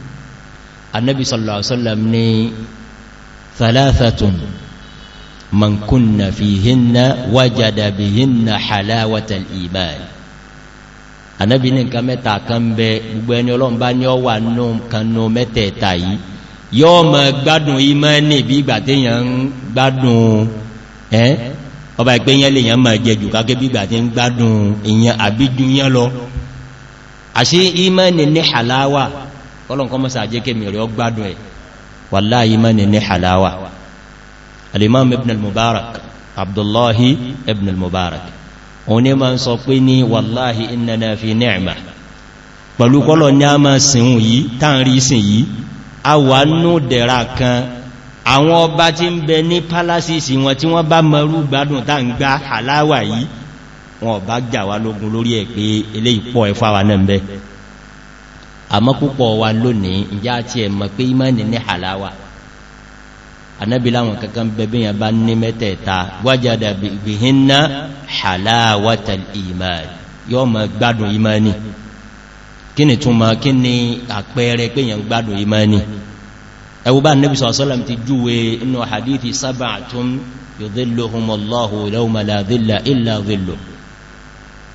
Speaker 1: annabi sallallahu alaihi wasallam ni thalathatun man kan bẹ gbogbo ẹni ọlọ́run bá ní ọwà nù kan nù mẹ́tẹ̀ẹ̀ta yìí yóò mọ̀ gbádùn ìmánì bí ìgbà tí yàn ń gbádùn ẹ́ ọba ìpé yẹn lè yàn mọ̀ jẹjù káké bí ìgbà tí ń gbádùn ìyàn àbíjú yẹn lọ àṣí ìmánì ní halawa ọlọ́nkọ́ mọ́sà àjẹ́kẹ́ mẹ́rẹ̀ ọ gbádùn ẹ̀ wàlá ìmánì ní halawa al-imam ibn al a wà nú dẹ̀ra kan àwọn ọba tí ń bẹ ní pálásìsì wọn tí wọ́n bá mọ̀rú gbádùn tá ń gbá àláwà yìí wọn ọba jà wá lógún lórí ẹ̀ pé ilé ìpọ̀ ẹ̀fà wà náà bẹ́ àmọ́ púpọ̀ wa lónìí ìyá àti ẹ̀mọ̀ pé ìmọ̀ni ní àláwà anábìlá àwọn kankan bẹ̀bẹ̀yàn bá ní mẹ́tẹ̀ẹ̀ta wájádà bìhínná àláwà tàl ìmọ̀ yọ́ mọ̀ gbádùn ìmọ̀ kí ni túnmà kí ni àpẹẹrẹ pé yàn gbádùn imani ẹwọ́bá nẹ́bí sọ́sọ́lá ti júwe inú hadithi sab'atun yudhilluhumullahu yawma la dhilla illa dhilluh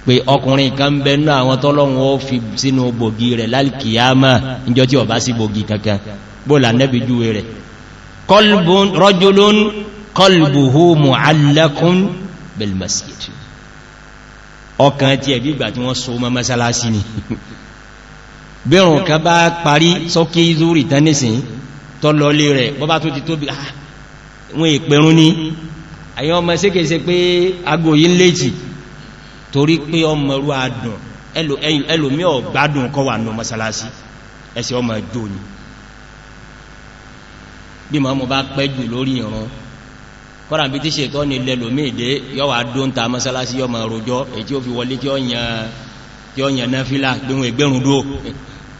Speaker 1: pé ọkùnrin kan bẹnu àwọn tọ́lọ́run ó fi sínú bògì rẹ̀ lálkìyàmá níjọ́ tí ó bá sí bògì kankan bóòlà nẹ́bí júwe rẹ̀ rajulun qalbuhu mu'allakun bil masjid ọkàn tí ẹ̀bí ìgbà tí wọ́n so mọ́ mọ́sálásí ni bẹ́rùn kan bá parí sọ́kí zúrì tánísìn tọ́ lọlé rẹ̀ bọ́bá tó ti tóbi ah, wọ́n ìpẹrún ní àyí ọmọ sékèsé pé agò yí léjì torí pé ọmọ rú adùn ẹlòmí ọ̀gbádùn kọ́ wà nù mọ́sálásí ẹsẹ̀ ọmọ ìjò ni bí ma mọ́ bá pẹ́ jù lórí ìran kọ́nà bí tí ṣètọ́ ni lẹ́lòmí ìdé yọ́wà dóńta mọ́sálásí ọmọ rojọ́ èyí tí ó fi wọlé kí ọ yàn náfílà gbẹ̀rún dúó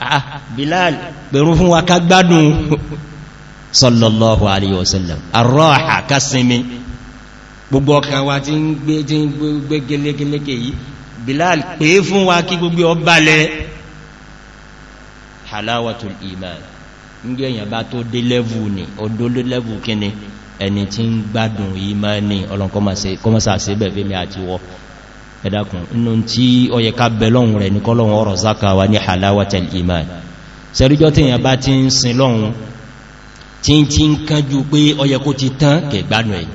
Speaker 1: ah bilal pẹ̀rún fún wa ká gbádùn sallallahu alayhi wasallam arọ́ha ká sinmi gbogbo ọkàn wa ti ń gbé tí ń gbé gẹ́lẹ́gẹ́lẹ́gẹ́ yìí bilal pé fún wa kí gbogbo ọbalẹ̀ halawatul iman ń gbé èyàn bá tó dé lẹ́vù ní ọdún lẹ́vù kíni ẹni tí ń gbádùn imani ọlọ́nkọ́mọ́sà ẹ̀dàkùn inú tí ó yẹ ká bẹ lọ́hun rẹ̀ ní kọ́lọ́hun ọ̀rọ̀ zaka wa ní halawatel iman sẹ́ríjọ́ tí ìyàn bá ti ń sin lọ́hun tí ń tí ń kánjú pé ó yẹ kó ti tán kẹgbánu ẹ̀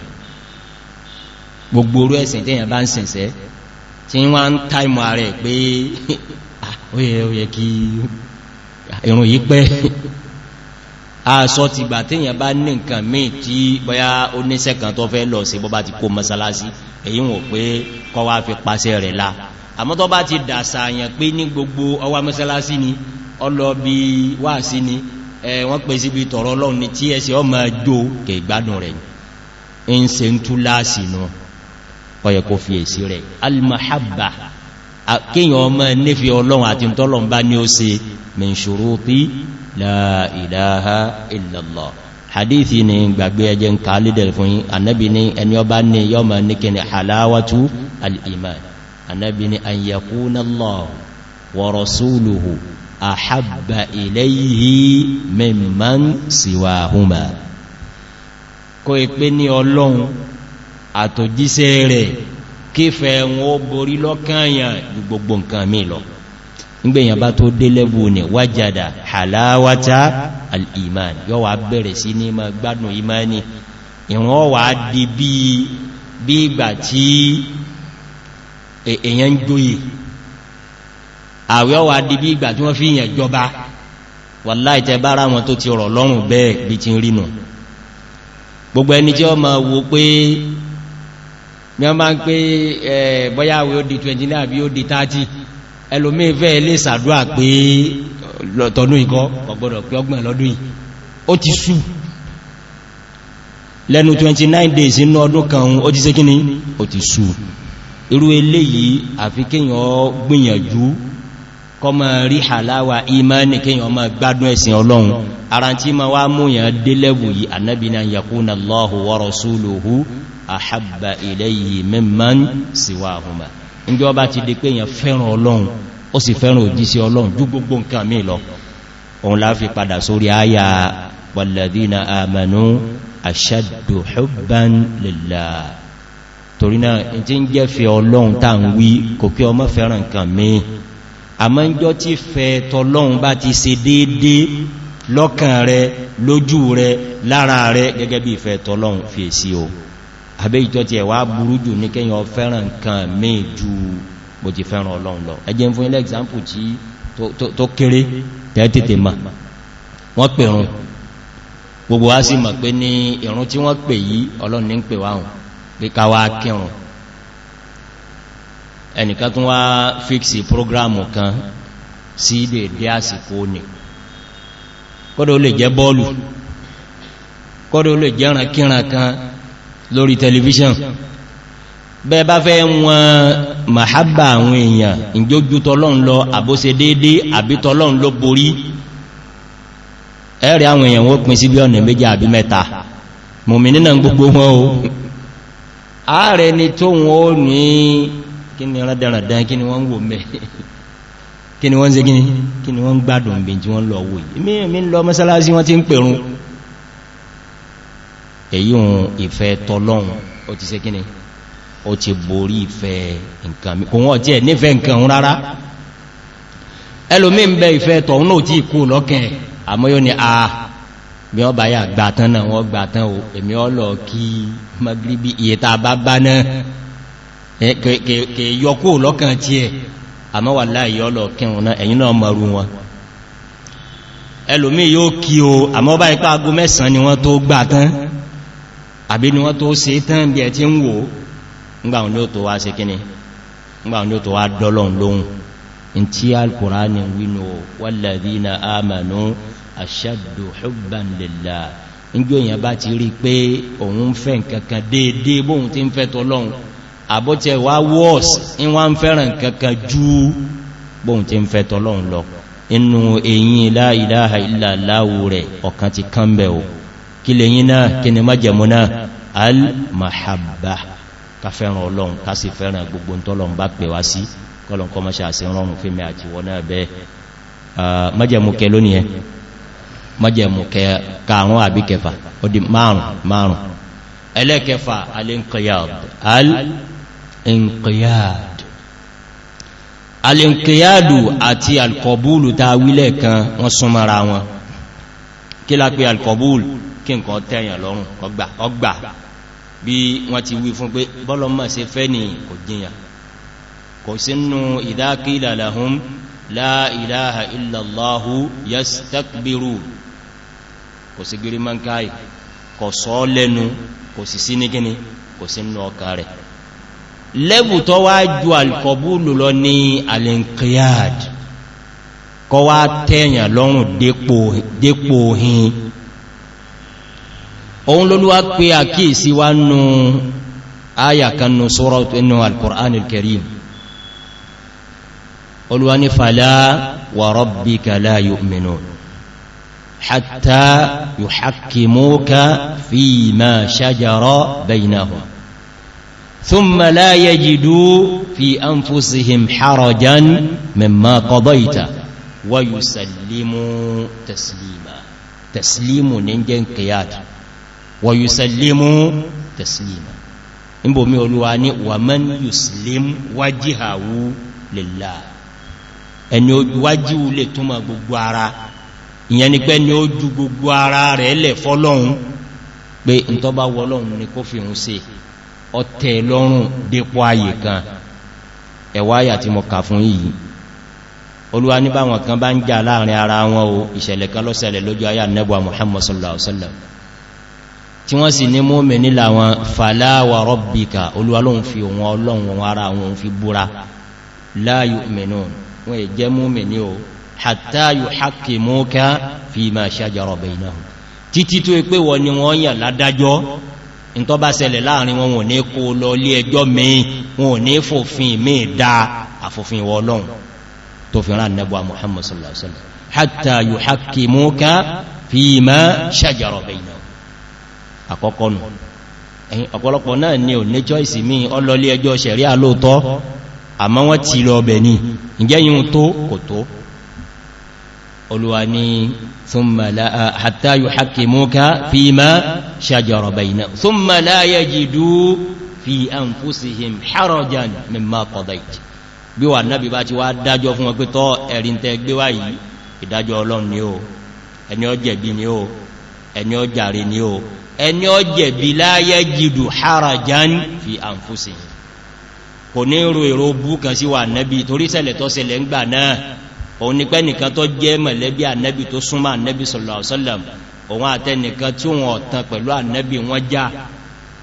Speaker 1: gbogbo orú ẹ̀sìn tí àṣọ ti gbà tíyàn bá ní nǹkan míì tí bọ́yá oníṣẹ́ kan tó fẹ́ lọ sí bọ́bá ti kó masalasi èyí wọ́n pé kọ́ wá fi pàṣẹ rẹ̀ la àmọ́ tó bá ti dàṣàyàn pé ní gbogbo ọwá masalasi ni ọlọ bí wà sí ni wọ́n pè síbi tọ̀rọ ọlọ́run ni tí ẹsẹ̀ ọmọ ẹjọ́ kè gbádùn rẹ̀ ń se ń tú láàsì nù ọyẹ kò fi èsì rẹ̀ almahabba kíyàn ọmọ nífi ọlọ́run àti tọ́lọ̀ la ilaha illallah hadithi ni gbàgbé ẹjẹ́ ń ká lídẹ̀ fún yí annabi ni ẹni ọba ní yọ́mà ní kí ni halawatu al'iman annabi ni an yakuna Allah wa rasuluhu ahabba ilayhi mimman siwahuma kó ipé ní ọlọ́run àtòjíṣẹ́ rẹ̀ kífẹ́ wọn borí lọ́kànyà gbogbo nǹkan mi lọ nígbèyàn bá tó dé lẹ́bù ní wájádà halawata al'iman yóò wá bẹ̀rẹ̀ sí ní ma gbádùn imani ìran wà di bí ìgbà tí e, èyàn ń jóyè àwẹ́ wà di bí ìgbà tí wọ́n fi yàn jọba wà láìtẹ́ bára wọn tó ti rọ̀ lọ́rùn bẹ́ẹ̀ bí ti rínú gbogbo ẹni tí ó ma wo pé ní ọmọ ń pé ẹ̀ bọ́yáwé ó di 29 àbí ó di 30 ẹlòmí fẹ́ ilé sàdúà pé lọ́tọ̀dún ikọ́ ọgbọ̀dọ̀ pé ọgbọ̀n lọ́dún yìí ó ti sú lẹ́nu 29 days inú ọdún kan ó ti sé kíní ó ti sú irú eléyìí àfi kíyàn gbìyànjú kọ́ ma rí halawa imani kíyàn ma gbádùn ẹ̀sìn ọlọ́run ara tí ma wá múyàn délẹ́wù yìí annabina yakuna allahu wa rasuluhu ahabba ilayhi mimman siwahuma ìjọ bá ti di pé èyàn fẹ́ràn ọlọ́run ó sì fẹ́ràn òjíṣẹ́ ọlọ́run jú gbogbo nǹkan mí lọ òun la fi padà sórí àyà wàlàdínà àmànú àṣàdù hubban lillah torí náà tí ń jẹ́ fẹ́ ọlọ́run tàà ń wí kò kí ọmọ fẹ́ràn nǹkan mí àmọ́ ń jọ tí fẹ́ tọlọ́run bá ti ṣe déédé lọ́kàn rẹ lójú rẹ lára rẹ gẹ́gẹ́ bí ìfẹ́ tọlọ́run fi o àbẹ́ ìjọ ti ẹ̀wà burú jù ní kíyàn fẹ́ràn nǹkan mìí ju bó ti fẹ́ràn ọlọ́run lọ ẹ jẹ́ fún ilé example tí tó kéré tẹ́tẹ́tẹ́ ma wọ́n pèrún gbogbo wá sí mọ̀ pé ní ìrún tí wọ́n pè yí ọlọ́run ní ń pè kọ́dọ̀ ó jẹ́ bọ́ọ̀lù kọ́dọ̀ ó jẹ́ ràn kan lórí tẹlifíṣàn bẹ́ bá fẹ́ wọn mahabba àwọn èèyàn ìjójú tọ́lọ́n lọ àbóse déédé àbí tọ́lọ́n ló borí ẹ̀rẹ̀ àwọn èèyàn wó pín sí bí ọ̀nà méjì àbí mẹ́ta mọ̀mìnínà gbogbo wọn o ààrẹ ni tó wọn ó ní kí ni rádàràdán kí ni wọ́n wò mẹ́ kí ni wọ́n ń ṣe kí ni wọ́n gbádùn bí tí wò yìí mí wọ́n ń èyí ohun ìfẹ́ tọ́lọ́hun ó ti ṣe kí ni ó ti borí ìfẹ́ nǹkan mi kò wọ́n jẹ́ nífẹ́ nǹkan ohun rárá ẹlòmí ń bẹ ìfẹ́ tọ̀hún náà tí kú lọ́kẹ̀ àmọ́yó ni a ah, bí ọba yà gbàtán náà wọ́n gbàtán o èmi ọlọ̀ kí magribi iye ta bá bá náà kè yọkú lọ́kàn tí ẹ àmọ́ wà láì yọ́lọ̀ kírùn náà ẹlòmí yóò kí o àmọ́ bá ipá agó mẹ́sàn ni wọ́n tó gbàtán àbí ni wọ́n tó ṣe tán bí ẹ ti ń wò ńgbà wọn ló tó wá ṣe kíni ńgbà wọn ló tó wá dọ́lọ́n lóhun in tí alkùnránì wínú walladhina amanu ashaddu hubban lillah níjọ́ èyàn bá ti rí pé òun fẹ́ nkankan déédé bóhun ti ń fẹ́ tọ́lọ́hun àbọ́tẹ̀ wá wọ́s in wá ń fẹ́ràn nkankan jú bóhun ti ń fẹ́ tọ́lọ́hun lọ inú èyí la ilaha rẹ̀ ọ̀kan ti kán bẹ̀ o kí lè yín náà kí ni májẹ̀mú náà al-mahabba ká fẹ́ràn ọlọ́run ká sì fẹ́ràn gbogbo tọ́lọ́run bá pè wá sí kọ́lọ̀n kọ́ mọ́ṣà sí rọrùn fí mẹ́ àti wọ́n náà bẹ́ẹ̀ májẹ̀mú kẹ lónìí ẹ májẹ̀mú àti al ta wílẹ̀ kan wọ́n súnmọ́ra wọn kí lápé al kí nǹkan tẹ́yàn lọ́rùn ọgbà ọgbà bí wọ́n ti wí fún pé bọ́lọ́mọ̀ ṣe fẹ́ ní kò jíyàn kò sínú idhaqila lahum la ilaha illallahu yastakbiru kò sí gírí mọ́nkáì kò sọ òun lólúwá pé àkíyèsí wá nù áyàkannù sọ́rọ̀ inú al-Qur'an al-Karim olúwa ní fàlá wa rabbika la yu'minun hatta yuhakkimuka fima shajara baynahum ثم لا يجدوا في أنفسهم حرجا مما قضيت ويسلموا تسليما تسليم ننجن قياته wa yusallimu taslima níbo mi olúwa ní wa man yuslim wajhahu lillah ẹni wájíwú lè túnmà gbogbo ara ìyẹn ni pé ni ó ju gbogbo ara rẹ̀ lẹ̀ fọ́lọ́hun pé n tó bá wọ́lọ́hun ni kó fi hùn sí ọ̀tẹ̀ lọ́rùn dépò ayè kan ẹ̀wà àyà tí mo kà fún yìí olúwa ní báwọn kan bá ń jà láàrin ara wọn o ìṣẹ̀lẹ̀ kan ló lójú ayà nẹ́bọ̀ Muhammad sallallahu alaihi wasallam tí wọ́n sì ní mọ́mẹ̀ nílà wọn fàláwà rọ́bìkà olúwalóhun fi òun ọlọ́run wọn ara wọn fi búra láàyò mẹ́nà wọ́n è jẹ́ mọ́mẹ̀ ní o hàtàyò hàkì mọ́ká fi máa ṣàjọrọ̀ bẹ̀ iná títí tó pé wọ́n ni wọ́n yàn ládájọ́ in tó bá sẹlẹ̀ láàrin wọn wọn ní kó lọ lé ẹjọ́ àkọ́kọ́ nù ẹ̀yìn ọ̀pọ̀lọpọ̀ náà ni ò ní choice mi ọlọ́lé ẹjọ́ sẹ̀rí àlóòtọ́ àmọ́ wọ́n ti lọ ọbẹ̀ ní ìjẹ́ yíò tó kò tó olúwa ni hatta yuhakkimuka fima shajara bainahum thumma la yajidu fi anfusihim harajan mimma qadayt bí wà náà bí bá ti wá dájọ́ fún wọn ẹni ó ni ó ẹni ó ni ó ẹni ọ jẹ̀bi láyé jìdù harajan fi àǹfúsì kò ní ro èrò búkan sí wà nẹ́bí torí sẹ́lẹ̀ tó sẹlẹ̀ ń gbà náà òun ni pẹ́nìkan tó jẹ́ mẹ̀lẹ́bí ànẹ́bí tó súnmọ́ ànẹ́bí sọ̀lọ̀sọ́lọ̀m òun àtẹnìkan tí wọ́n ọ̀tàn pẹ̀lú ànẹ́bí wọ́n já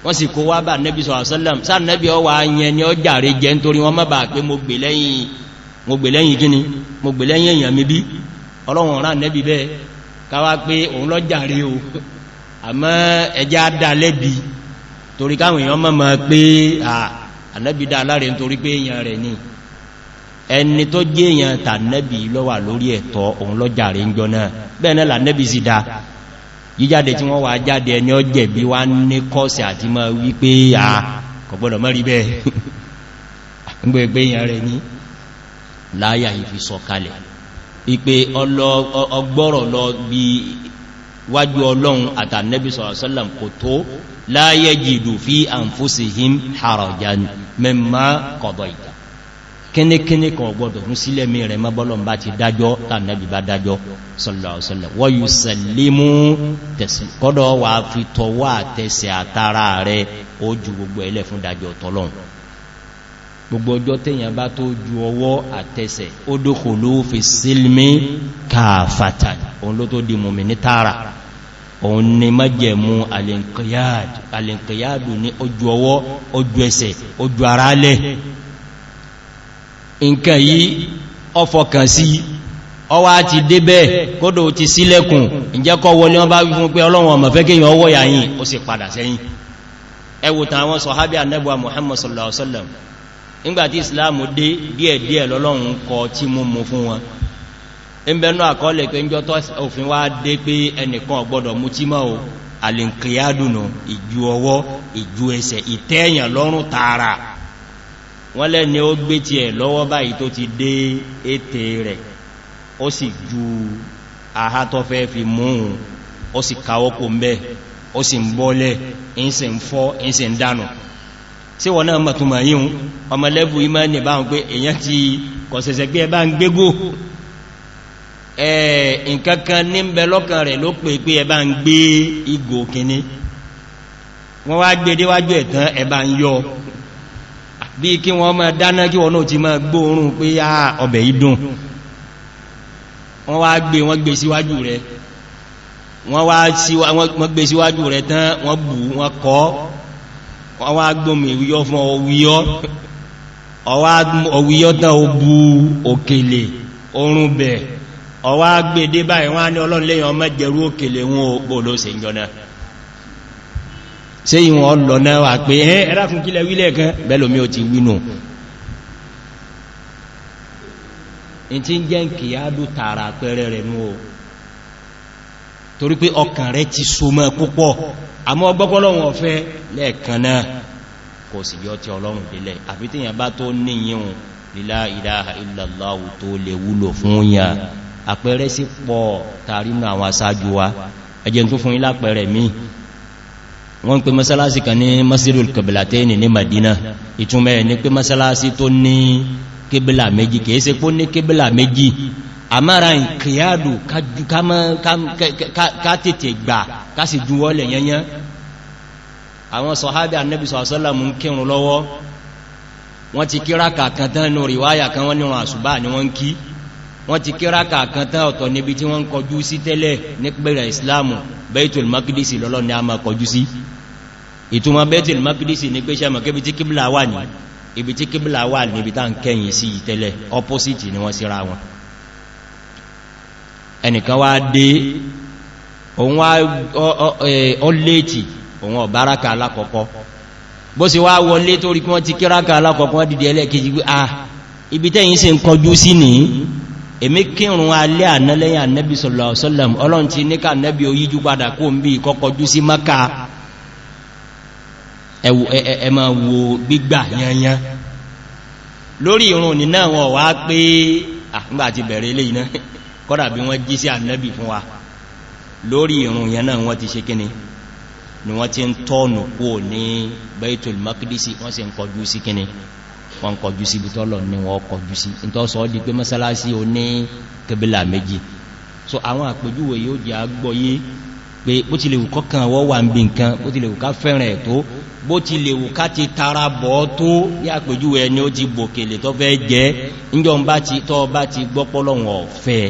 Speaker 1: wọ́n sì kó wá bá ànẹ́bí sọ̀lọ̀sọ́lọ̀m sáànẹ́bí ọwà yẹn ni ó jàre jẹ́ nítorí wọ́n mọ́bà pé mo gbè lẹ́yìn gíní mo gbè lẹ́yìn èèyàn mi bí ọlọ́run ọ̀rán ànẹ́bí bẹ́ẹ̀ káwá pé òun lọ́jàre o àmọ́ ẹjá dá lẹ́bi torí káwọn èèyàn mọ́ mọ́ pé ànábìdá aláre nítorí pé èèyàn rẹ̀ ní ẹni tó jẹ́ èèyàn tànẹ́bì lọ́wà lórí ẹ̀tọ́ òun lọ́jà rẹ̀ ń jọna bẹ́ẹ̀nà lànẹ́bì sì dá jíjáde tí wọ́n wà jáde ẹni ọ jẹ̀bi wá ní kọ́ọ̀sì àti mọ́ wípé à kọ̀gbọ́dọ̀ mọ́ rí bẹ́ẹ̀ wájú ọlọ́run àtànẹ́bí sọ̀rọ̀sọ́lọ̀m kò tó láyé jìdù fí àǹfúsìhìm harajan mẹ́mà kọ̀bọ̀ ìta kíníkíní kan gbọdọ̀ ní sílẹ̀ mi rẹ̀ mọ́bọ́lọ̀m bá ti dájọ́ tànẹ́bí bá dájọ́ sọ̀rọ̀sọ́lọ̀m wọ́n yù sẹ̀límú tẹ̀sí kọ́dọ̀ wà fi tọwọ́ àtẹsẹ̀ àtara rẹ̀ ó gbogbo ẹlẹ́ fún dájọ́ tọ́lọ́run òun ni májẹ̀mú alìnkìyàdù ní ojú ọwọ́ ojú ẹsẹ̀ ojú ara lẹ́ nǹkan yìí ọfọkàn sí ọwá ti débẹ̀ kódò ti sílẹ̀kùn ìjẹ́kọ́ wọlé wọn bá wí fún pé ọlọ́run ọmọ fẹ́ kíyàn ọwọ́ yàyìn ó sì padà sẹ́yìn ẹwò tàwọn sọ̀hábí anẹ́bùwa muhammad sallallahu alaihi wasallam nígbàtí islam dé díẹ̀díẹ̀ lọ́lọ́run kọ tí mú ìbẹ̀nú àkọọ́lẹ̀ pé ìjọ tó òfin wá dé pé ẹnìkan ò gbọdọ̀ mú tí mọ́ o alìnkìyàdùnà ìjú ọwọ́ ìjú ẹsẹ̀ ìtẹ́ẹ̀yàn lọ́rùn tààrà wọ́n lẹ́ni ó gbé ti ẹ̀ lọ́wọ́ báyìí tó ti dé ètè rẹ̀ ó sì ju àhá tó fẹ́ fi múhùn ó sì káwọ́kò mẹ́ ó sì ń bọ́lẹ̀ ìsìn fọ́ ìsìn dánù sí wọ́n náà mọ̀túnmọ̀ yíhun ọmọlẹ́bù imẹ́ nìbáhùn pé èyàn ti kọ̀sẹ̀sẹ̀ gbé ẹbá ń gbégó ǹkankan ní bẹ lọ́kàn rẹ̀ ló pè pé ẹba ń gbé igò kìíní wọ́n wá gbé déwájú ẹ̀tàn ẹba ń yọ bí kí wọ́n máa dáná kí wọ́n náà ti máa gbóòrùn pé á ọbẹ̀ ìdùn wọ́n wá gbé wọ́n gbé síwájú rẹ̀ wọ́n wá gbé síwájú rẹ̀ tán wọ́n bù wọ́n kọ́ wọ́n wá gbómi ìwúyọ́ fún ọwúyọ́ ọwúyọ́ tán ó bú òkèlè orún bẹ̀ẹ̀ ọwá gbèdé báyìí wọ́n á ní ọlọ́lẹ́yàn ọmọ jẹrú òkèlè wọn òpòlò sí ìjọna ṣe ìwọ̀n lọ́nà wà pé ẹ́ ẹ̀ráfún kílẹ̀ wílẹ̀ kan bẹ́lòmí ó ti wínú in ti ń jẹ́ kì á ló tààrà pẹ́rẹ rẹ̀ mú o torí pé ọkàn rẹ̀ ti so púpọ̀ àmọ́ ọgbọ́gbọ́lọ́wọ̀n àpẹẹrẹ sí pọ̀ tààrínú àwọn asájú wa ẹjẹ́ tó fún ilá pẹ̀rẹ̀ mi wọ́n pè masalasi kan ní masjidul kiblateni ní madina ìtumẹ̀ ní pé masalasi tó ní kébìlà méjì kìí se pó ní kébìlà méjì àmára ìkìyàdù ká tètè gbà ká sì juwọ́lẹ̀ yẹnyẹn àwọn sọ̀hábí annabi sọ̀sọ́lá mú kírùn lọ́wọ́ wọ́n ti kíra kàkàntán ni wọ́n kí wọ́n ti kíra kàkan tán ọ̀tọ̀ níbi tí wọ́n kọjú sí tẹ́lẹ̀ nípẹ̀rẹ̀ islamu Baitul Maqdisi lọ́lọ́ ni a ma kọjú sí ìtumọ̀ Baitul Maqdisi ní pé sẹ́mọ̀ kébí tí kíbìlà wà ní ibi tí kíbìlà wà níbi tá ń kẹ́yìn sí tẹ́lẹ̀ opposite ni wọ́n síra wọn ẹnìkan wá ah ibi tẹ́yìn sí ń èmi kírùn alẹ́ ànálẹ́yìn ànẹ́bí sọ̀lọ̀sọ́lọ̀m ọlọ́n ti ní ká nẹ́bí oyíjú padà kó ń bí kọ́kọjú sí maka ẹmọ wo gbígbà yanyan lórí ìrùn ní náà wọ́n wá pé àgbà ti bẹ̀rẹ̀ ilé iná kọ́dà bí wọ́n jí sí ànẹ́bí fún wa lórí ìrùn yẹn náà wọ́n ti ṣe kíni ni wọ́n ti ń tọ́nù kúò ní baitul makidisi wọ́n sì ń kọjú sí kíni wọ́n kọjú sí ibi tọ́lọ̀ ní wọ́n kọjú sí ìtọ́ sọ di pé mọ́sálásí o ní kẹbílà méjì so àwọn àpèjúwe yóò jẹ́ agbọ́yé pé bó ti lè wù kọ́kàn wọ́n wà ń bí nǹkan bó ti lè wù ká fẹ́ràn ẹ̀ tó bó ti lè wù ká ti tara bọ́ tó ní àpèjúwe ẹni ó ti bòkèlè tó fẹ́ jẹ́ níjọ bá ti tọ́ bá ti gbọ́pọ́lọ́wọ̀n ọ̀fẹ́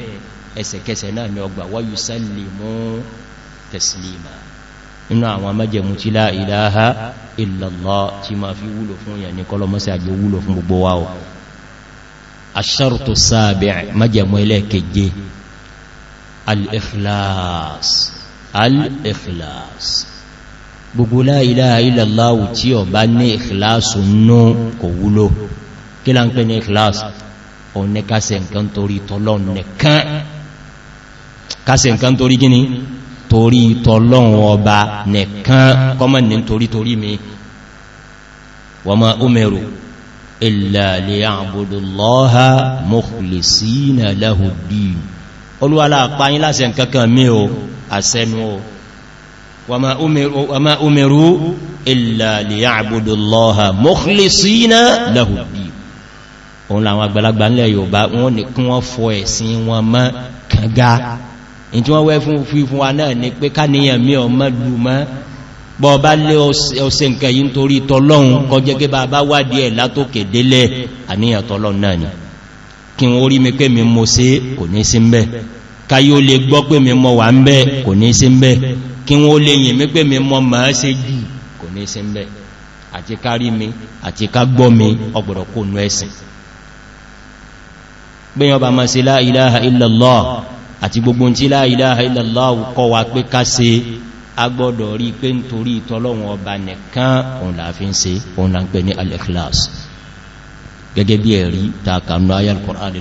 Speaker 1: illallah tí ma fi wúlò fún yà ní kọlọmọ́sí àjẹ́ wúlò fún gbogbo wa o aṣartu sáàbẹ̀ májẹ̀mọ́ ilẹ̀ keje al-ikhlas al-ikhlas gbogbo la ilaha illallah tí ó bá ní ikhlasu nú kò wúlò kí la ń pè ní ikhlas o ní kásẹ̀ nǹkan torí tọ́lọ́ torí tọ́lọ́run ọba nìkan kọmọ̀ ní torí torí mi wọ́n ma umeru illa liya'budullaha mukhlisina lahu ddin olúwàlá àpáyín láti ẹnkankan mí o àṣẹnu o wọ́n ma umeru illa liya'budullaha mukhlisina lahu ddin òun làwọn àgbàlagbà ńlẹ̀ Yorùbá wọ́n ní wọ́n fọ ẹ̀sìn wọn mọ́ kànga in tí wọ́n wẹ́ fún fífún wa náà ni pé káníyàn mí ọmọ lù mọ́ bọ́ bá lé ọ̀sẹ̀ nǹkan yí nítorí tọ́lọ́run kọjẹ́ gẹ́ bá bá wádìí ẹ̀ látókè délẹ̀ àníyàn tọ́lọ́run náà ni kí wọ́n rí mi pé mi mo sí kò ní sí mbẹ́ káyí ó lè gbọ́ pé mi mọ wà ń kò ní sí mbẹ́ kí wọ́n lè yìn mi pé mi mọ màá sí jù kò ní sí mbẹ́ àti kárí mi àti ká gbọ́ mi ọgbọ̀rọ̀ kò nú ẹ̀sìn gbẹ́yàn bá ma sí láìláha illallah àti gbogbo tí la ilaha illallah kọ́ wa pé ká ṣe agbọ́dọ̀ rí pé ń torí ìtọ́lọ́run ọba nìkan òun la fi ń ṣe òun la ń pè ní al-ikhlas gẹ́gẹ́ bí ẹ̀rí takànú ayal Qur'an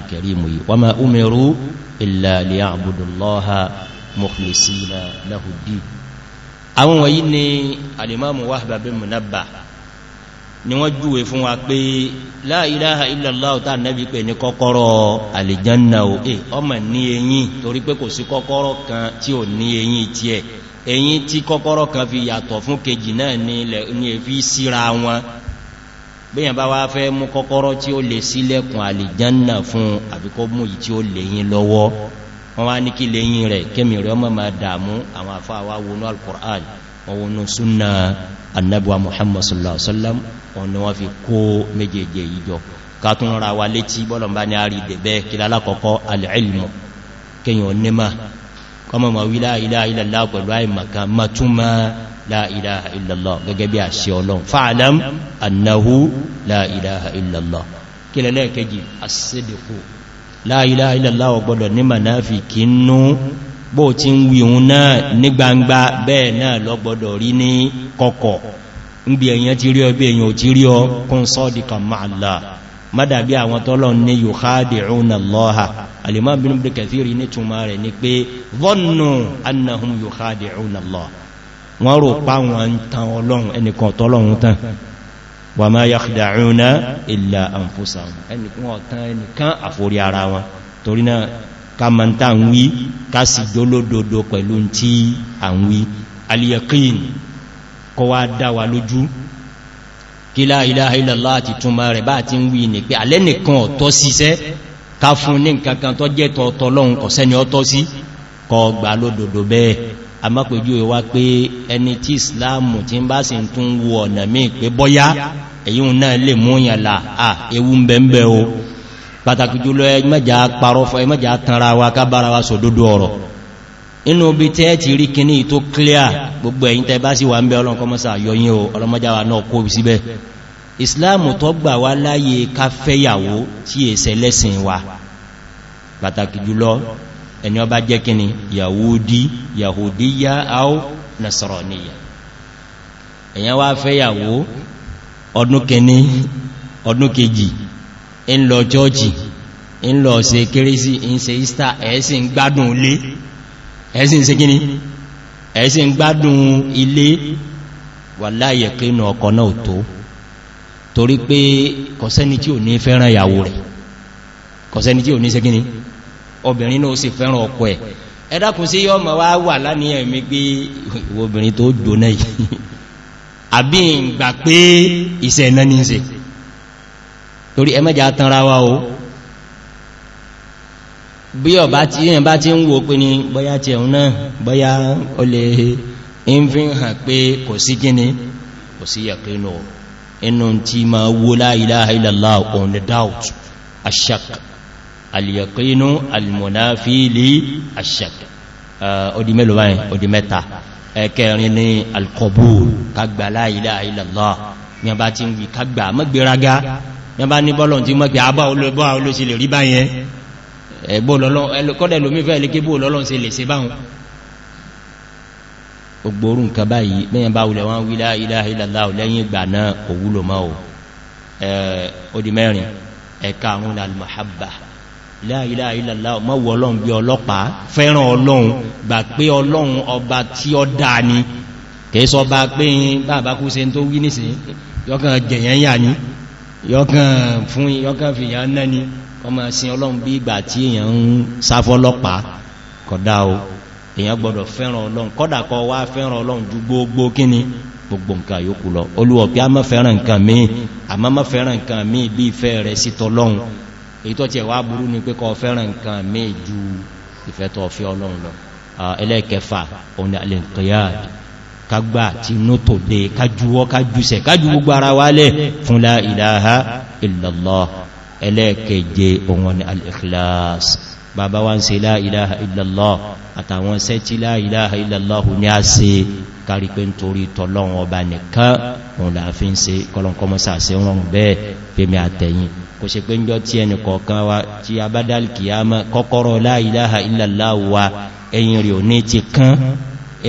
Speaker 1: ni wọ́n júwe fún wa pé la ilaha illallah ta nẹ́bí pé ní kọ́kọ́rọ̀ alìjanna o e ọmọ ní eyín torí pé kò sí kọ́kọ́rọ̀ kan tí ò ní eyín tí ẹ eyín tí kọ́kọ́rọ̀ kan fi yàtọ̀ fún kejì náà ní èfi síra wọn bíyàn bá wá fẹ́ mú kọ́kọ́rọ̀ tí ó lè sílẹ̀kùn alìjanna fún àbíkọ́ mú yìí tí ó lẹ́yìn lọ́wọ́ wọ́n wá ní kí lẹ́yìn rẹ̀ kémi rẹ̀ ọmọ ma dàmú àwọn àfáà wá wọnú al-Qur'an wọnú súnnà annabuwa muhammadu sallallahu alaihi wasallam òun ni wọ́n fi kó méjèèjì yìí jọ kàtún ra wa létí bọ́lọ̀mbá ní àrí ìdẹ̀bẹ́ kìlá alákọ̀ọ́kọ́ alìlmù kíyàn onímà kọmọ ma wí láìlá ìlàlá pẹ̀lú àìmàkà matúmà láìlá ìlàlá gẹ́gẹ́ bí àṣẹ ọlọ́run fa'alam níbi èyàn ti rí ọ bí èyàn ò ti rí ọ kún sọ́dìkà máàlá mádàbí àwọn tọ́lọ ní yóò háàdì rúnà lọ́ha alìmọ́ bí níbi kẹfìrí ní túnmà rẹ̀ ní pé vọ́nù annahun yóò háàdì rúnà lọ wọ́n rò pa wọn tan ọlọ́run ẹnìkan tọ́lọ́run tán wà máa kọ wá dá wa lójú kí láìláà ìlàlá àti túnmà rẹ̀ bá ti ń wí ní pé alẹ́ nìkan ọ̀tọ́ síṣẹ́ ká fún ní nǹkankan tó jẹ́ tọ́ọ̀tọ́ lọ́hun kọ̀sẹ́ni ọ̀tọ́ sí kọ gbà lódòdó bẹ́ẹ̀ a má pèjú ìwá pé ẹni tí islamu ti ń bá sì tún pàtàkì jùlọ ẹgbẹ́jà parọ́fọ́ ẹgbẹ́jà tanra wa ká bára wa sòdódó ọ̀rọ̀ inú bí tẹ́ ti rí kíní tó clear gbogbo ẹ̀yìn tẹ́ bá sí wà ń bẹ́ ọlọ́nkọmọ́sà yọyìn o ọlọ́mọjáwà náà kó síbẹ̀ islamu tó gbà wá láyé ká fẹ́yàwó tí èsẹ̀ lẹ́sìn wa pàtàkì jùlọ ẹni ọba jẹ́ kíní yahudi yahudiya au nasaraniya èyàn wá fẹ́yàwó ọdún kíní ọdún kejì ń lọ chọ́ọ̀chì ń lọ ṣe kérésì ń ṣe easter ẹ̀ẹ́sìn gbádùn lé ẹ̀sìn sí gíní ẹ̀sìn gbádùn ilé wà láyẹ̀ pé inú ọkọ̀ náà tó torí pé kọ̀sẹ́ni tí ò ní fẹ́ràn ìyàwó rẹ̀ kọ̀sẹ́ni tí ò ní sí gíní obìnrin náà sì fẹ́ràn ọkọ̀ ẹ̀ ẹ̀dàkùn sí yọ́ mọ̀ wá wà láníyàn bí ọba tí èyàn bá ti ń wo pé ní bọ́yá ti ẹ̀hùn náà bọ́yá o lè ń fi hàn pé kò sí gíní kò sí yàkínú inú tí ma wó la ilaha illallah on the doubt ashak aliyakinu almunafi li ashak odi mélòó báyìí odi mẹ́ta ẹ̀kẹrin ni alkobul kagbà la ilaha illallah ní ọba ti ń wí kagbà mọ́gbéraga ní ọba ní bọ́lọ̀ tí mọ́ pé àbá olóòlósì lè rí báyẹn kọ́dẹ̀ lómi fẹ́ lè ké bó lọ́lọ́n se lè se báhùn ògbòrú nǹkan báyìí mẹ́yàn bá wulẹ̀ wọ́n wílá ilaha illallah lẹ́yìn ìgbà náà òwúlò máa ò odi mẹ́rin ẹ̀ka àrùn alìmọ̀hábà la ilaha illallah mọ́ wọ ọlọ́run bí ọlọ́pàá fẹ́ràn ọlọ́run gbà pé ọlọ́run ọba tí ọ dáa ni kìí sọ bá pé bàbá kú se tó wí nìsìn yọ́kàn yọ́kàn fún yọ́kàn fi yàn náà ni ọmọ ẹ̀sìn ọlọ́run bí ìgbà tí èyàn ń sáfọ́ ọlọ́pàá kọ̀dá o èyàn gbọ́dọ̀ fẹ́ràn ọlọ́run kọ́dà kọ́ wá fẹ́ràn ọlọ́run ju gbogbo kíni gbogbo nǹkan yóò lọ olúwọ̀pí a mọ́ fẹ́ràn nǹkan míì àmọ́ mọ́ fẹ́ràn nǹkan míì bí ìfẹ́ rẹ̀ sí tọ́lọ́run èyí tó tẹ̀ wá burú ni pé kagbà tí inú tó dé kájúwọ́ kájúsẹ̀ kájú gbogbo ara wálẹ̀ fún la ìdáha ìlọ́lọ́ ẹlẹ́ẹ̀keje ohun ni al-ikhlas bàbá wá ń se la ìdáha ìlọ́lọ́ àtàwọn sẹ́ tí la ìdáha ìlọ́lọ́ ní a se kárí pé nítorí tọ́lọ́run ọba nìkan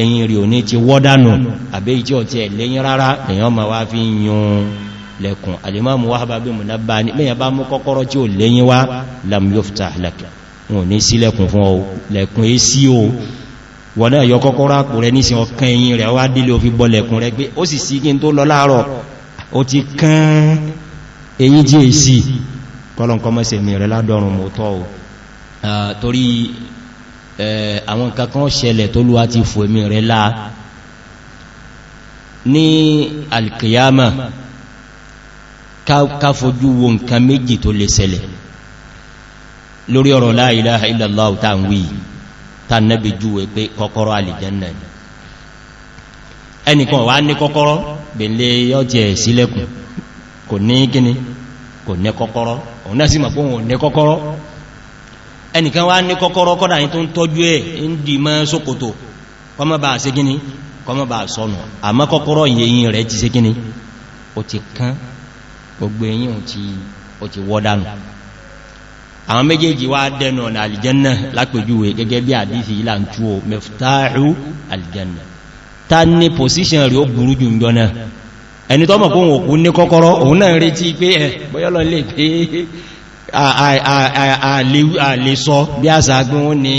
Speaker 1: ẹ̀yìn rí òní ti wọ́dánù àbẹ́ ìjẹ́ ọ̀tí ẹ̀ lẹ́yìn rárá èyàn ma wá fi yún lẹ́kùn alìmọ́mù wá bá bí múná bá ní mẹ́yàn bá mú kọ́kọ́rọ́ tí ó lẹ́yìn wá lam yófta lẹ́kùn ní sí lẹ́kùn fún ọ lẹ́kùn é sí o wọ́n náà yọ kọ́kọ́rọ́ àpò rẹ ní sin ọkàn ẹ̀yìn rẹ̀ wá dílé òfin torí àwọn kankan ṣẹlẹ̀ tó lúwa ti fò èmì rẹ̀ láà ní alkiyama ká fojú wo nǹkan méjì tó lè ṣẹlẹ̀ lórí ọ̀rọ̀ la ilaha illallah ta ń wí ta nẹ́bí júwe pé kọ́kọ́rọ́ alìjẹ́nà ẹnìkan wà ní kọ́kọ́rọ́ bèèlè yọ́jẹ̀ sílẹ̀kùn kò ní kíni kò ní kọ́kọ́rọ́ ẹnìkan wá ní kọ́kọ́rọ́ kọ́dà yìí tó ń tọ́jú ẹ̀ ń dì mọ́ sókòtò kọ́mọ́ bá ṣe gíní kọ́mọ́ bá sọnù àmọ́ kọ́kọ́rọ́ yẹ̀yìn rẹ̀ ti ṣe gíní ó ti kán gbogbo ẹ̀yìn ó ti wọ́dánù àwọn méjèèjì wá dẹnu ọ̀nà alìjẹ́nà lápèjúwe gẹ́gẹ́ bí àdífì ìlà ń túwò mẹ́fútàáhù alìjẹ́nà ta ní pòsíṣàn rí ó burú jù ń jọ ẹni tọ́mọ̀ fún òkú ní kọ́kọ́rọ́ òun náà retí pé ẹ̀ bọ́yọ́lọ́ lè pé àlè sọ bí àṣà gbé wọ́n ní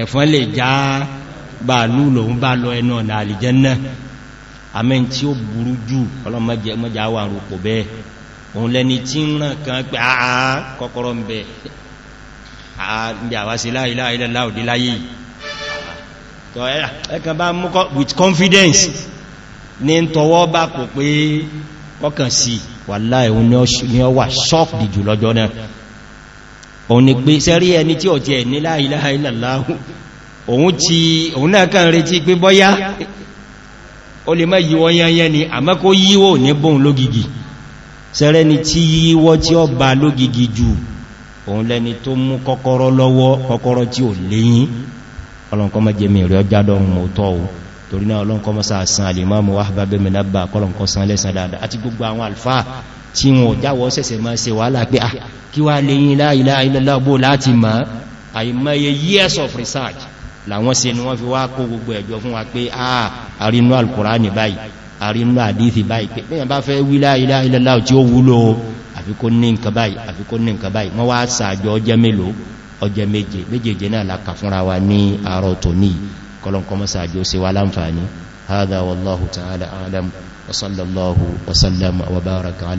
Speaker 1: ẹ̀fọn lè já bàálù lòun bá lọ ẹnu ọ̀nà àlìjẹ́nà àmẹ́ tí ó burú jù ọlọ́mọjá wà rúpò bẹ́ẹ̀ òun lẹni tí ń ràn kan pé àà kọ́kọ́rọ́ ń bẹ̀ àbí àwáṣe láìláìlá láòdí láyé ẹ̀kan bá mú with confidence ní tọwọ́ bá kò pé kọ́kàn sí wà láì ní ọ wà ṣọ́ọ̀kì jù lọ́jọ́ náà òun ni pé sẹ́rí ẹni tí ọ̀tí ẹ̀ ní la ilaha illallah òun ti òun náà kàn retí pé bọ́yá ó lè má yíwọ́ yányán ni àmọ́ kó yíwọ́ ní bóun lógigi sẹ́rẹ́ ni tí yíwọ́ tí ó bá lógigi jù òun lẹni tó mú kọ́kọ́rọ́ lọ́wọ́ kọ́kọ́rọ́ tí ò léyìn ọlọ́nkọ́ má jẹ́ mẹ́rẹ́ ọjádọ́run mọ́tọ́ o torí náà ọlọ́nkọ́ mọ́sá san alìmọ́ mọ́ wáhábábẹ́mẹ́lábà kọ́lọ̀nkọ́ san lẹ́sàn dáadáa àti gbogbo àwọn àlfáà tí wọn jáwọ́ sẹ̀sẹ̀ máa ṣe wàhálà pé à ah, kí wá lè yí láìlá ilẹ̀lábò láti mọ̀ àìmọye years of research làwọn se ni wọ́n fi wá kó gbogbo ẹ̀jọ fún wa pé à ah, àrínú alkùránì báyìí àrínú àdíthì báyìí pé mẹ́yàn bá fẹ́ wí láìlá ilẹ̀lá tí ó wúlò àfikún ní nǹkan báyìí àfikún ní nǹkan báyìí هذا والله تعالى أعلم وصلى الله وسلم وبارك عليه